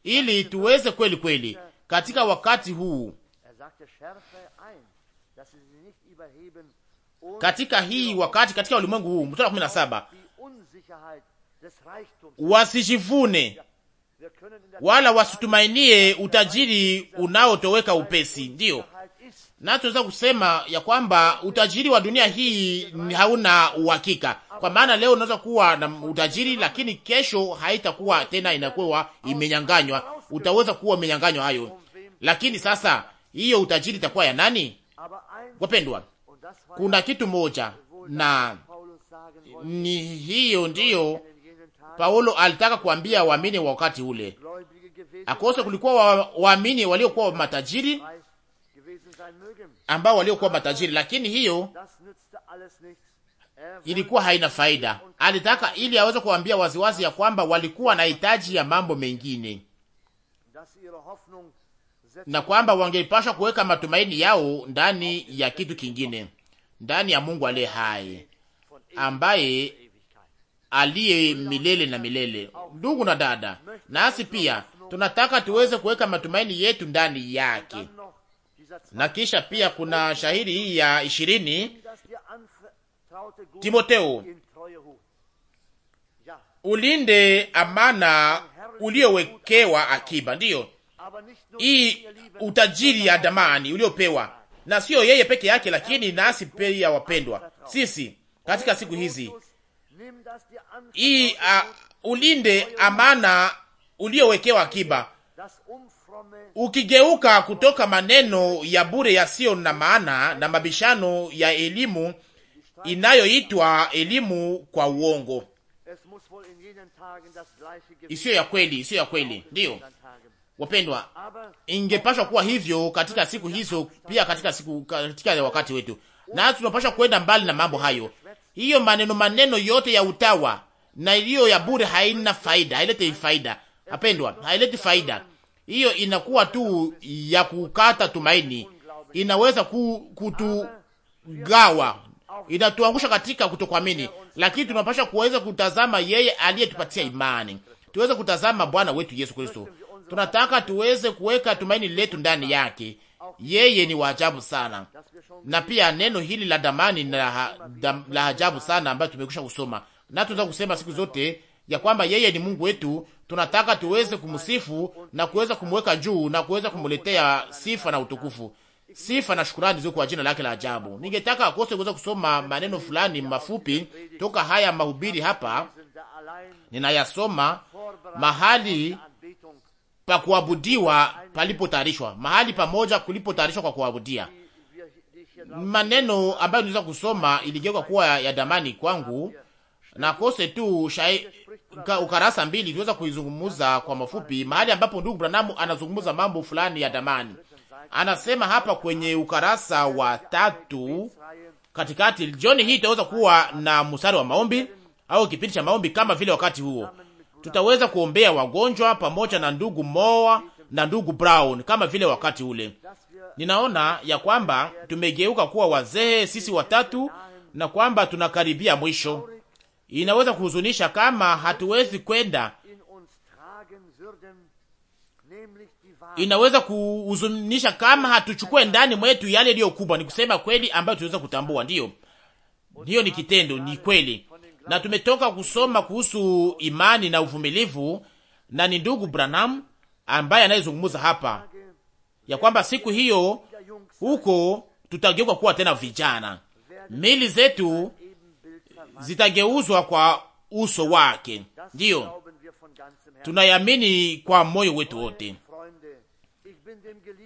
ili tuweze kweli kweli katika wakati huu er katika hii wakati katika ulimwengu huu, mstari wa 17 wasijivune wala wasitumainie utajiri unaotoweka upesi. Ndiyo, na tunaweza kusema ya kwamba utajiri wa dunia hii hauna uhakika, kwa maana leo unaweza kuwa na utajiri, lakini kesho haitakuwa tena, inakuwa imenyanganywa, utaweza kuwa umenyanganywa hayo. Lakini sasa hiyo utajiri itakuwa ya nani? Wapendwa, kuna kitu moja na ni hiyo ndiyo Paulo alitaka kuambia waamini wa wakati ule akose, kulikuwa waamini waliokuwa matajiri ambao waliokuwa matajiri, lakini hiyo ilikuwa haina faida. Alitaka ili aweze kuambia waziwazi ya kwamba walikuwa na hitaji ya mambo mengine na kwamba wangepashwa kuweka matumaini yao ndani ya kitu kingine, ndani ya Mungu aliye hai ambaye aliye milele na milele. Ndugu na dada, nasi pia tunataka tuweze kuweka matumaini yetu ndani yake. Na kisha pia kuna shahiri hii ya ishirini, Timoteo, ulinde amana uliowekewa akiba, ndiyo hii utajiri ya damani uliopewa, na sio yeye peke yake, lakini nasi pia wapendwa, sisi katika siku hizi hii uh, ulinde amana uliowekewa akiba, ukigeuka kutoka maneno ya bure yasiyo na maana na mabishano ya elimu inayoitwa elimu kwa uongo isiyo ya kweli, isiyo ya kweli. Ndiyo wapendwa, ingepashwa kuwa hivyo katika siku hizo, pia katika siku katika wakati wetu, na tunapashwa kwenda mbali na mambo hayo. Hiyo maneno maneno yote ya utawa na iliyo ya bure haina faida, haileti faida. Apendwa, haileti faida, hiyo inakuwa tu ya kukata tumaini, inaweza ku, kutugawa, inatuangusha katika kutokuamini, lakini tunapasha kuweza kutazama yeye aliyetupatia imani, tuweze kutazama Bwana wetu Yesu Kristo. Tunataka tuweze kuweka tumaini letu ndani yake. Yeye ni wa ajabu sana, na pia neno hili la damani na la ajabu sana ambayo tumekwisha kusoma na tunaweza kusema siku zote ya kwamba yeye ni Mungu wetu. Tunataka tuweze kumsifu na kuweza kumweka juu na kuweza kumletea sifa na utukufu, sifa na shukurani zio kwa jina lake la ajabu. Ningetaka kose kuweza kusoma maneno fulani mafupi toka haya mahubiri hapa, ninayasoma mahali pa kuabudiwa palipotayarishwa, mahali pamoja kulipotayarishwa kwa kuabudia. Maneno ambayo niliweza kusoma iligeuka kuwa ya damani kwangu na kose tu shai, ukarasa mbili tuweza kuizungumuza kwa mafupi, mahali ambapo ndugu Branham anazungumza mambo fulani ya damani. Anasema hapa kwenye ukarasa wa tatu katikati, jioni hii itaweza kuwa na mstari wa maombi au kipindi cha maombi. Kama vile wakati huo tutaweza kuombea wagonjwa pamoja na ndugu Moa na ndugu Brown kama vile wakati ule. Ninaona ya kwamba tumegeuka kuwa wazee sisi watatu na kwamba tunakaribia mwisho Inaweza kuhuzunisha kama hatuwezi kwenda, inaweza kuhuzunisha kama hatuchukue ndani mwetu yale yaliyo kubwa, ni kusema kweli, ambayo tunaweza kutambua. Ndiyo, hiyo ni kitendo, ni kweli, na tumetoka kusoma kuhusu imani na uvumilivu, na ni ndugu Branham ambaye anayezungumza hapa ya kwamba siku hiyo huko tutageuka kuwa tena vijana, mili zetu zitageuzwa kwa uso wake. Ndiyo tunayamini kwa moyo wetu wote.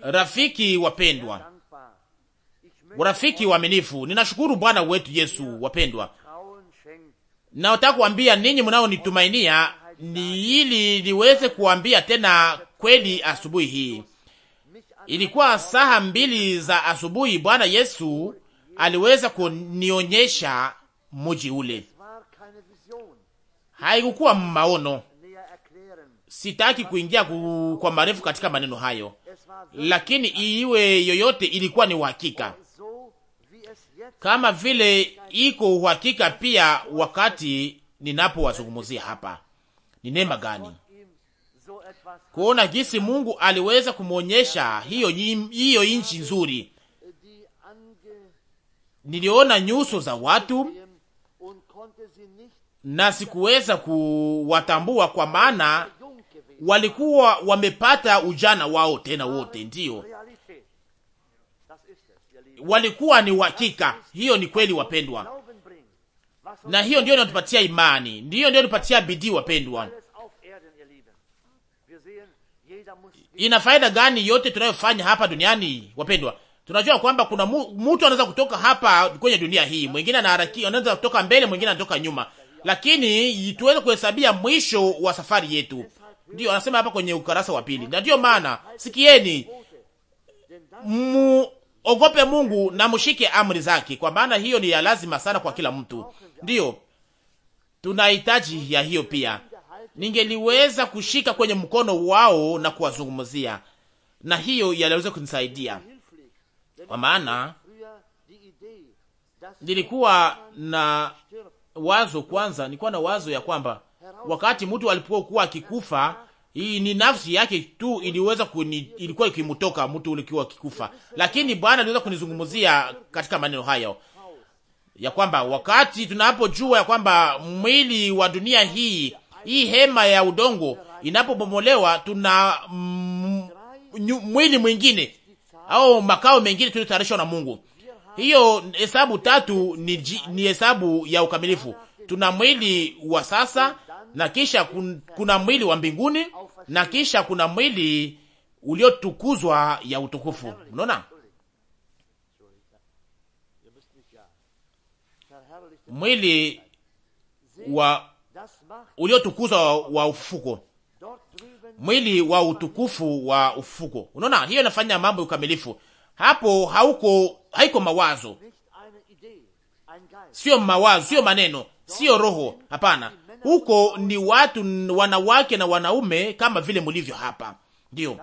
Rafiki wapendwa, rafiki waaminifu, ninashukuru Bwana wetu Yesu. Wapendwa, nataka kuambia ninyi mnaonitumainia ni ili niweze kuambia tena kweli. Asubuhi hii ilikuwa saa mbili za asubuhi, Bwana Yesu aliweza kunionyesha mji ule. Haikukuwa maono, sitaki kuingia ku, kwa marefu katika maneno hayo, lakini iwe yoyote, ilikuwa ni uhakika kama vile iko uhakika pia wakati ninapowazungumzia hapa. Ni neema gani kuona jinsi Mungu aliweza kumwonyesha hiyo, hiyo nchi nzuri. Niliona nyuso za watu na sikuweza kuwatambua kwa maana walikuwa wamepata ujana wao tena wote, ndiyo walikuwa ni uhakika. Hiyo ni kweli wapendwa, na hiyo ndiyo inatupatia imani, ndiyo ndiyo inatupatia bidii wapendwa. Ina faida gani yote tunayofanya hapa duniani wapendwa? Tunajua kwamba kuna mtu anaweza kutoka hapa kwenye dunia hii, mwingine anaharaki, anaweza kutoka mbele, mwingine anatoka nyuma, lakini tuweze kuhesabia mwisho wa safari yetu. ndio anasema hapa kwenye ukarasa wa pili, na ndiyo maana sikieni, muogope Mungu na mshike amri zake, kwa maana hiyo ni ya lazima sana kwa kila mtu. Ndiyo tunahitaji ya hiyo pia. Ningeliweza kushika kwenye mkono wao na kuwazungumzia, na hiyo yaliweza kunisaidia, kwa maana nilikuwa na wazo kwanza, nilikuwa na wazo ya kwamba wakati mtu alipokuwa akikufa, hii ni nafsi yake tu iliweza kuni, ilikuwa ikimtoka mtu ulikuwa akikufa, lakini Bwana aliweza kunizungumzia katika maneno hayo ya kwamba wakati tunapojua ya kwamba mwili wa dunia hii hii hema ya udongo inapobomolewa, tuna mm, mwili mwingine au makao mengine tuliyotayarishwa na Mungu. Hiyo hesabu tatu ni hesabu ya ukamilifu. Tuna mwili wa sasa na kisha kuna mwili wa mbinguni na kisha kuna mwili uliotukuzwa ya utukufu. Unaona, mwili wa uliotukuzwa wa ufuko, mwili wa utukufu wa ufuko. Unaona, hiyo inafanya mambo ya ukamilifu. Hapo hauko haiko mawazo, sio mawazo, sio maneno, sio roho. Hapana, huko ni watu, wanawake na wanaume, kama vile mulivyo hapa. Ndio,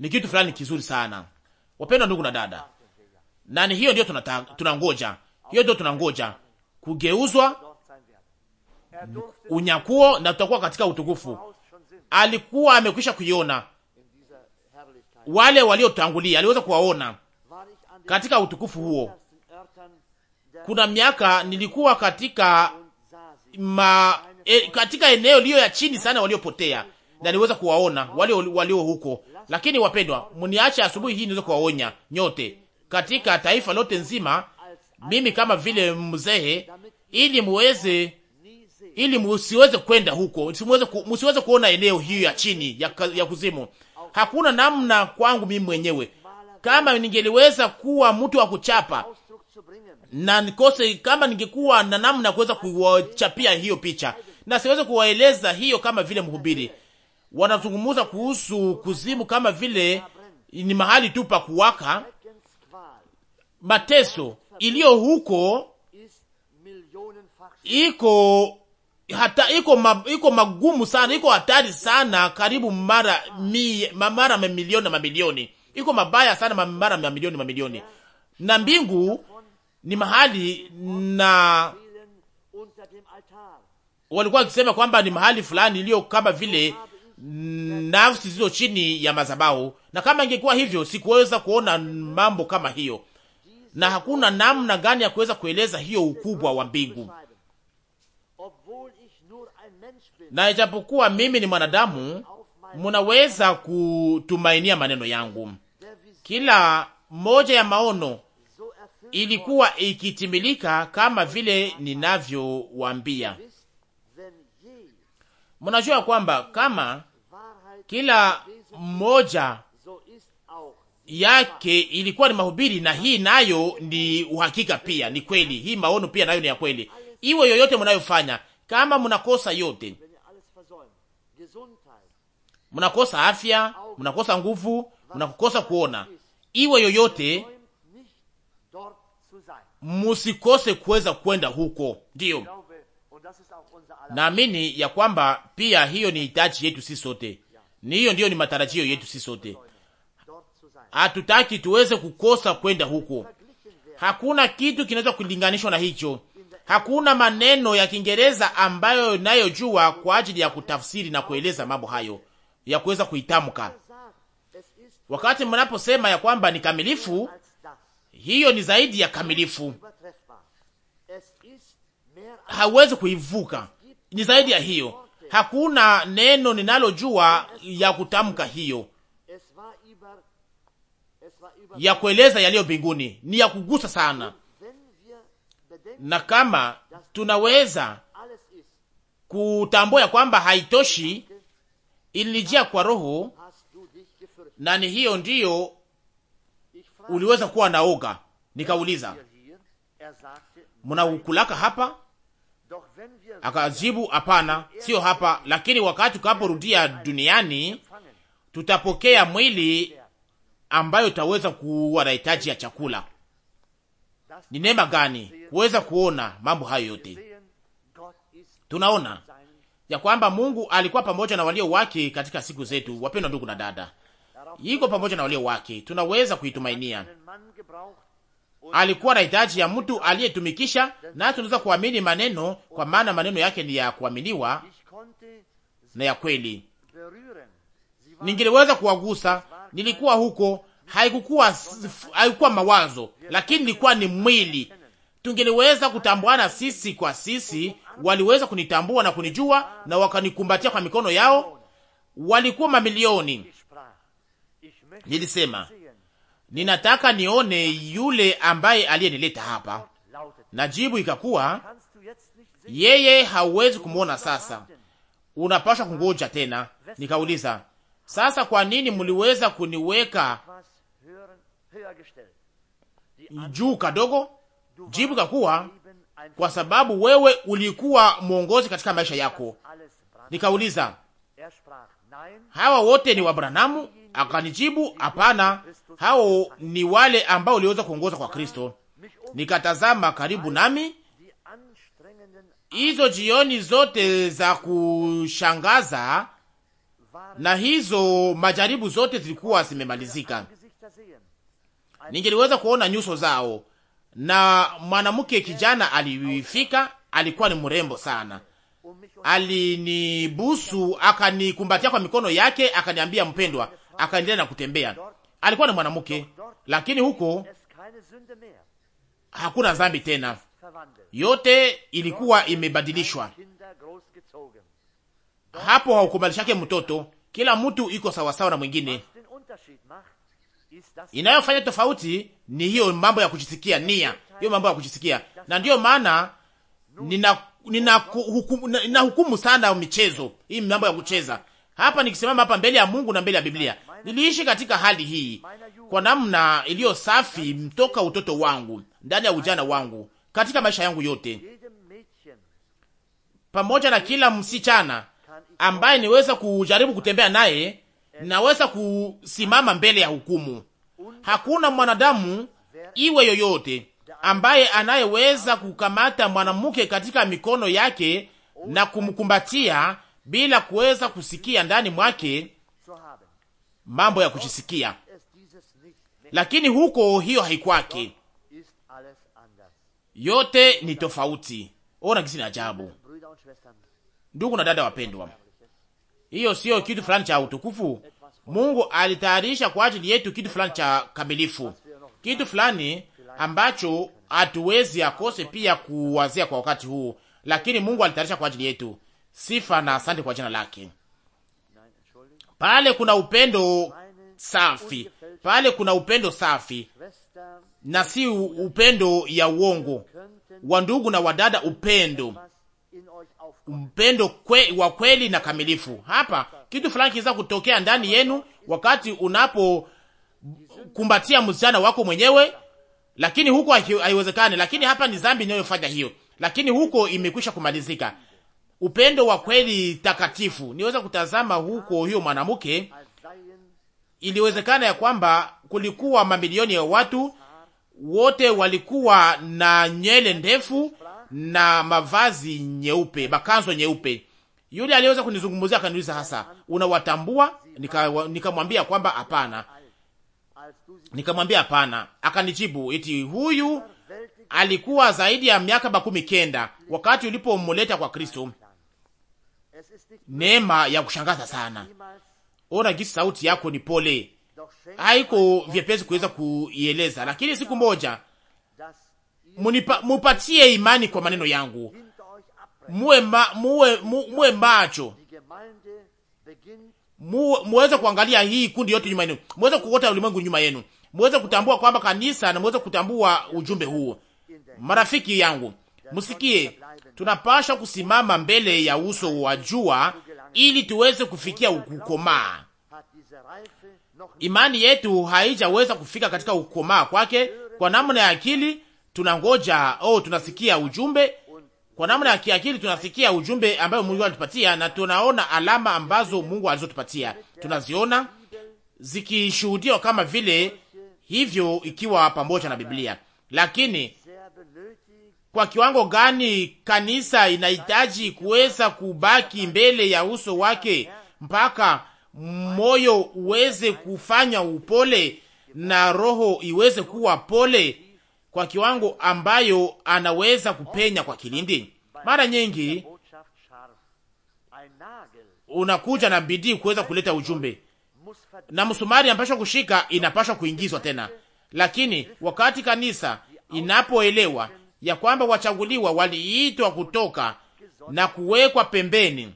ni kitu fulani kizuri sana, wapendwa ndugu na dada. Nani hiyo? Ndio tunangoja, hiyo ndio tunangoja kugeuzwa, unyakuo, na tutakuwa katika utukufu. Alikuwa amekwisha kuiona, wale waliotangulia aliweza kuwaona katika utukufu huo. Kuna miaka nilikuwa katika ma, e, katika eneo liyo ya chini sana waliopotea na niweza kuwaona wale walio huko. Lakini wapendwa, mniache asubuhi hii niweze kuwaonya nyote katika taifa lote nzima, mimi kama vile mzee, ili muweze ili msiweze kwenda huko, musiweze ku, kuona eneo hiyo ya chini ya, ya kuzimu. Hakuna namna kwangu mimi mwenyewe kama ningeliweza kuwa mtu wa kuchapa na nikose, kama ningekuwa na namna ya kuweza kuchapia hiyo picha, na siweze kuwaeleza hiyo kama vile mhubiri wanazungumuza kuhusu kuzimu kama vile ni mahali tu pa kuwaka mateso iliyo huko iko hata iko ma, iko magumu sana, iko hatari sana, karibu mara mi, mara mamilioni na mamilioni iko mabaya sana, mara mamilioni milioni mamilioni. Na mbingu ni mahali, na walikuwa wakisema kwamba ni mahali fulani iliyo kama vile nafsi zilizo chini ya madhabahu, na kama ingekuwa hivyo, sikuweza kuona mambo kama hiyo, na hakuna namna gani ya kuweza kueleza hiyo ukubwa wa mbingu. Na ijapokuwa mimi ni mwanadamu, munaweza kutumainia maneno yangu, kila moja ya maono ilikuwa ikitimilika kama vile ninavyowaambia. Mnajua kwamba kama kila moja yake ilikuwa ni mahubiri, na hii nayo ni uhakika pia, ni kweli. Hii maono pia nayo ni ya kweli. Iwe yoyote mnayofanya, kama mnakosa yote, mnakosa afya, mnakosa nguvu, mnakosa kuona. Iwe yoyote, musikose kuweza kwenda huko. Ndiyo, naamini ya kwamba pia hiyo ni hitaji yetu si sote, ni hiyo ndiyo ni matarajio yetu si sote. Hatutaki tuweze kukosa kwenda huko. Hakuna kitu kinaweza kulinganishwa na hicho. Hakuna maneno ya Kiingereza ambayo inayojua kwa ajili ya kutafsiri na kueleza mambo hayo ya kuweza kuitamka. Wakati mnaposema ya kwamba ni kamilifu, hiyo ni zaidi ya kamilifu, hauwezi kuivuka, ni zaidi ya hiyo. Hakuna neno ninalojua ya kutamka hiyo ya kueleza yaliyo mbinguni, ni ya kugusa sana. Na kama tunaweza kutambua ya kwamba haitoshi, ilinijia kwa roho na ni hiyo ndiyo uliweza kuwa naoga. Nikauliza, mnaukulaka hapa? Akajibu, hapana, sio hapa, lakini wakati tukaporudia duniani tutapokea mwili ambayo utaweza kuwa na hitaji ya chakula. Ni neema gani kuweza kuona mambo hayo yote. Tunaona ya kwamba Mungu alikuwa pamoja na walio wake katika siku zetu. Wapendwa ndugu na dada, iko pamoja na walio wake, tunaweza kuitumainia. Alikuwa na hitaji ya mtu aliyetumikisha, na tunaweza kuamini maneno, kwa maana maneno yake ni ya kuaminiwa na ya kweli. Ningeliweza kuwagusa, nilikuwa huko, haikukuwa haikuwa mawazo, lakini nilikuwa ni mwili. Tungeliweza kutambuana sisi kwa sisi. Waliweza kunitambua na kunijua, na wakanikumbatia kwa mikono yao. Walikuwa mamilioni nilisema, ninataka nione yule ambaye aliyenileta hapa, na jibu ikakuwa yeye hauwezi kumwona sasa, unapashwa kungoja tena. Nikauliza, sasa kwa nini mliweza kuniweka juu kadogo? Jibu ikakuwa kwa sababu wewe ulikuwa mwongozi katika maisha yako. Nikauliza, hawa wote ni Wabranamu? Akanijibu, hapana, hao ni wale ambao uliweza kuongoza kwa Kristo. Nikatazama karibu nami, hizo jioni zote za kushangaza na hizo majaribu zote zilikuwa zimemalizika. Ningeliweza kuona nyuso zao, na mwanamke kijana alifika, alikuwa ni mrembo sana. Alinibusu, akanikumbatia kwa mikono yake, akaniambia, mpendwa akaendelea na kutembea. Alikuwa na mwanamke, lakini huko hakuna dhambi tena, yote ilikuwa imebadilishwa. Hapo haukubalishake mtoto, kila mtu iko sawasawa na mwingine. Inayofanya tofauti ni hiyo mambo ya kujisikia nia, hiyo mambo ya kujisikia, na ndiyo maana nina nina nina hukumu sana michezo hii, mambo ya kucheza hapa nikisimama hapa mbele ya Mungu na mbele ya Biblia. Niliishi katika hali hii kwa namna iliyo safi mtoka utoto wangu, ndani ya ujana wangu, katika maisha yangu yote, pamoja na kila msichana ambaye niweza kujaribu kutembea naye, naweza kusimama mbele ya hukumu. Hakuna mwanadamu iwe yoyote ambaye anayeweza kukamata mwanamke katika mikono yake na kumkumbatia bila kuweza kusikia ndani mwake mambo ya kujisikia, lakini huko hiyo haikwake, yote ni tofauti. Ona kisi ni ajabu, ndugu na dada wapendwa, hiyo sio kitu fulani cha utukufu. Mungu alitayarisha kwa ajili yetu kitu fulani cha kamilifu, kitu fulani ambacho hatuwezi akose pia kuwazia kwa wakati huu, lakini Mungu alitayarisha kwa ajili yetu. Sifa na asante kwa jina lake. Pale kuna upendo safi, pale kuna upendo safi na si upendo ya uongo wa ndugu na wadada, upendo mpendo kwe, wa kweli na kamilifu. Hapa kitu fulani kinaweza kutokea ndani yenu wakati unapokumbatia msichana wako mwenyewe, lakini huko haiwezekani. Lakini hapa ni dhambi inayofanya hiyo, lakini huko imekwisha kumalizika upendo wa kweli takatifu. Niweza kutazama huko hiyo mwanamke, iliwezekana ya kwamba kulikuwa mamilioni ya watu, wote walikuwa na nywele ndefu na mavazi nyeupe, makanzo nyeupe. Yule aliweza kunizungumzia akaniuliza, hasa unawatambua? Nikamwambia nika kwamba hapana, nikamwambia hapana. Akanijibu eti huyu alikuwa zaidi ya miaka makumi kenda wakati ulipomuleta kwa Kristo neema ya kushangaza sana. Ona gisi sauti yako ni pole, haiko vyepesi kuweza kuieleza, lakini siku moja munipa, mupatie imani kwa maneno yangu, muwe, ma, muwe, mu, muwe macho muweze kuangalia hii kundi yote nyuma yenu, muweze kuota ulimwengu nyuma yenu, muweze kutambua kwamba kanisa na muweze kutambua ujumbe huu. Marafiki yangu, Msikie, tunapasha kusimama mbele ya uso wa jua ili tuweze kufikia ukukomaa. Imani yetu haijaweza kufika katika ukukomaa kwake. Kwa namna ya akili tunangoja, oh, tunasikia ujumbe kwa namna ya kiakili tunasikia ujumbe ambayo Mungu alitupatia, na tunaona alama ambazo Mungu alizotupatia tunaziona zikishuhudiwa kama vile hivyo, ikiwa pamoja na Biblia, lakini kwa kiwango gani kanisa inahitaji kuweza kubaki mbele ya uso wake mpaka moyo uweze kufanya upole na roho iweze kuwa pole kwa kiwango ambayo anaweza kupenya kwa kilindi. Mara nyingi unakuja na bidii kuweza kuleta ujumbe, na msumari anapashwa kushika, inapashwa kuingizwa tena, lakini wakati kanisa inapoelewa ya kwamba wachaguliwa waliitwa kutoka na kuwekwa pembeni,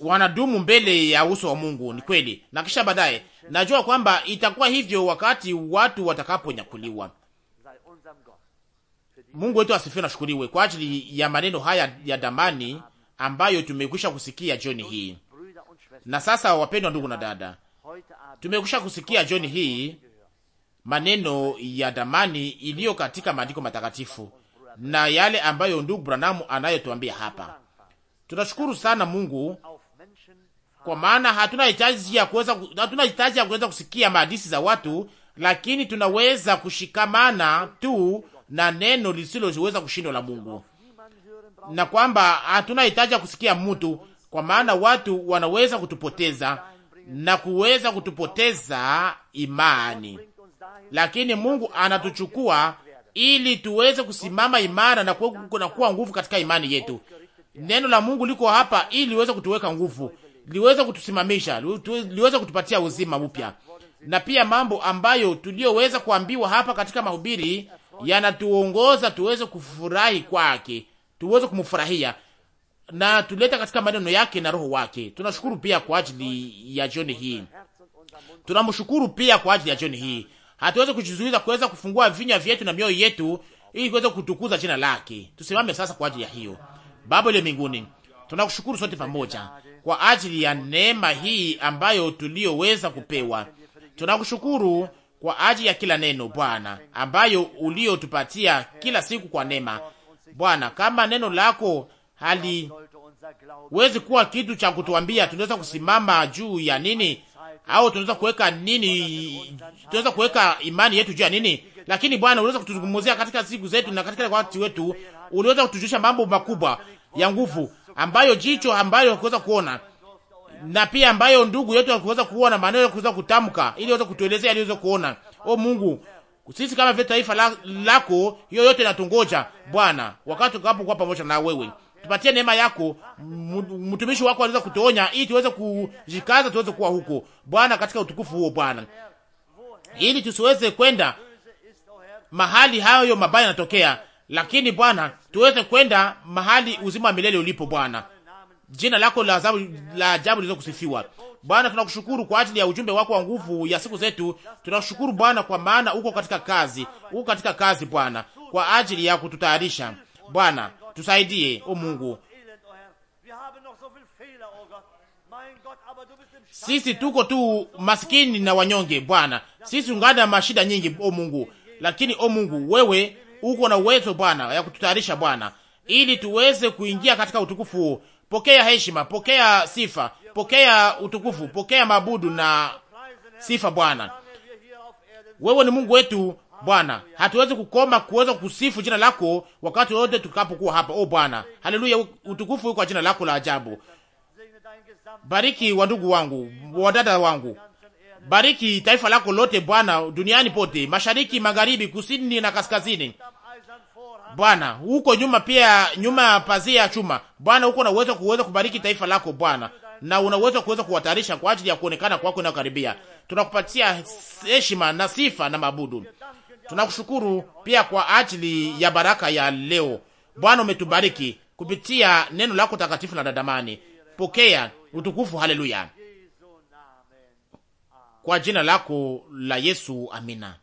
wanadumu mbele ya uso wa Mungu. Ni kweli, na kisha baadaye, najua kwamba itakuwa hivyo wakati watu watakaponyakuliwa. Mungu wetu asifiwe na shukuriwe kwa ajili ya maneno haya ya damani ambayo tumekwisha kusikia jioni hii. Na sasa, wapendwa ndugu na dada, tumekwisha kusikia jioni hii maneno ya damani iliyo katika maandiko matakatifu na yale ambayo ndugu Branamu anayotuambia hapa. Tunashukuru sana Mungu kwa maana hatuna hitaji ya kuweza, hatuna hitaji ya kuweza kusikia maadisi za watu, lakini tunaweza kushikamana tu na neno lisiloweza kushindwa la Mungu, na kwamba hatuna hitaji ya kusikia mtu, kwa maana watu wanaweza kutupoteza na kuweza kutupoteza imani lakini Mungu anatuchukua ili tuweze kusimama imara na kuwa nguvu katika imani yetu. Neno la Mungu liko hapa ili liweze kutuweka nguvu, liweze kutusimamisha, liweze kutupatia uzima mpya, na pia mambo ambayo tuliyoweza kuambiwa hapa katika mahubiri yanatuongoza tuweze kufurahi kwake, tuweze kumfurahia na tuleta katika maneno yake na roho wake. Tunashukuru pia kwa ajili ya jioni hii, tunamshukuru pia kwa ajili ya jioni hii hatuwezi kujizuiza kuweza kufungua vinywa vyetu na mioyo yetu ili kuweza kutukuza jina lake. Tusimame sasa kwa ajili ya hiyo. Baba ile mbinguni, tunakushukuru sote pamoja kwa ajili ya neema hii ambayo tuliyoweza kupewa. Tunakushukuru kwa ajili ya kila neno Bwana ambayo uliotupatia kila siku kwa neema Bwana. Kama neno lako haliwezi kuwa kitu cha kutuambia tunaweza kusimama juu ya nini, au tunaweza kuweka nini? Tunaweza kuweka imani yetu juu ya nini? Lakini Bwana, uliweza kutuzungumzia katika siku zetu na katika wakati wetu, uliweza kutujulisha mambo makubwa ya nguvu ambayo jicho ambayo hakuweza kuona na pia ambayo ndugu yetu hakuweza kuona, maneno hakuweza kutamka, ili aweze kutuelezea aliweza kuona. O Mungu, sisi kama vile taifa lako, hiyo yote inatungoja Bwana, wakati tukapo kwa pamoja na wewe tupatie neema yako, mtumishi wako anaweza kutuonya, ili tuweze kujikaza, tuweze kuwa huko Bwana, katika utukufu huo Bwana, ili tusiweze kwenda mahali hayo mabaya yanatokea, lakini Bwana tuweze kwenda mahali uzima wa milele ulipo. Bwana, jina lako la ajabu la ajabu liweze kusifiwa. Bwana, tunakushukuru kwa ajili ya ujumbe wako wa nguvu ya siku zetu. Tunakushukuru Bwana, kwa maana uko katika kazi, uko katika kazi Bwana, kwa ajili ya kututayarisha Bwana Tusaidie o Mungu, oh sisi tuko tu maskini na wanyonge Bwana, sisi ungana mashida nyingi o Mungu, lakini o Mungu wewe uko na uwezo Bwana ya kututayarisha Bwana, ili tuweze kuingia katika utukufu. Pokea heshima, pokea sifa, pokea utukufu, pokea mabudu na sifa Bwana. Wewe ni Mungu wetu Bwana, hatuwezi kukoma kuweza kusifu jina lako wakati wote tukapokuwa hapa. O oh, Bwana, haleluya, utukufu kwa jina lako la ajabu. Bariki wandugu wangu, wadada wangu, bariki taifa lako lote Bwana, duniani pote, mashariki, magharibi, kusini na kaskazini. Bwana, huko nyuma pia, nyuma ya pazia ya chuma Bwana, huko na uwezo kuweza kubariki taifa lako Bwana, na una uwezo kuweza kuwatayarisha kwa ajili ya kuonekana kwako inayokaribia. Tunakupatia heshima na sifa na mabudu. Tunakushukuru pia kwa ajili ya baraka ya leo. Bwana, umetubariki kupitia neno lako takatifu na dadamani. Pokea utukufu, haleluya, kwa jina lako la Yesu, amina.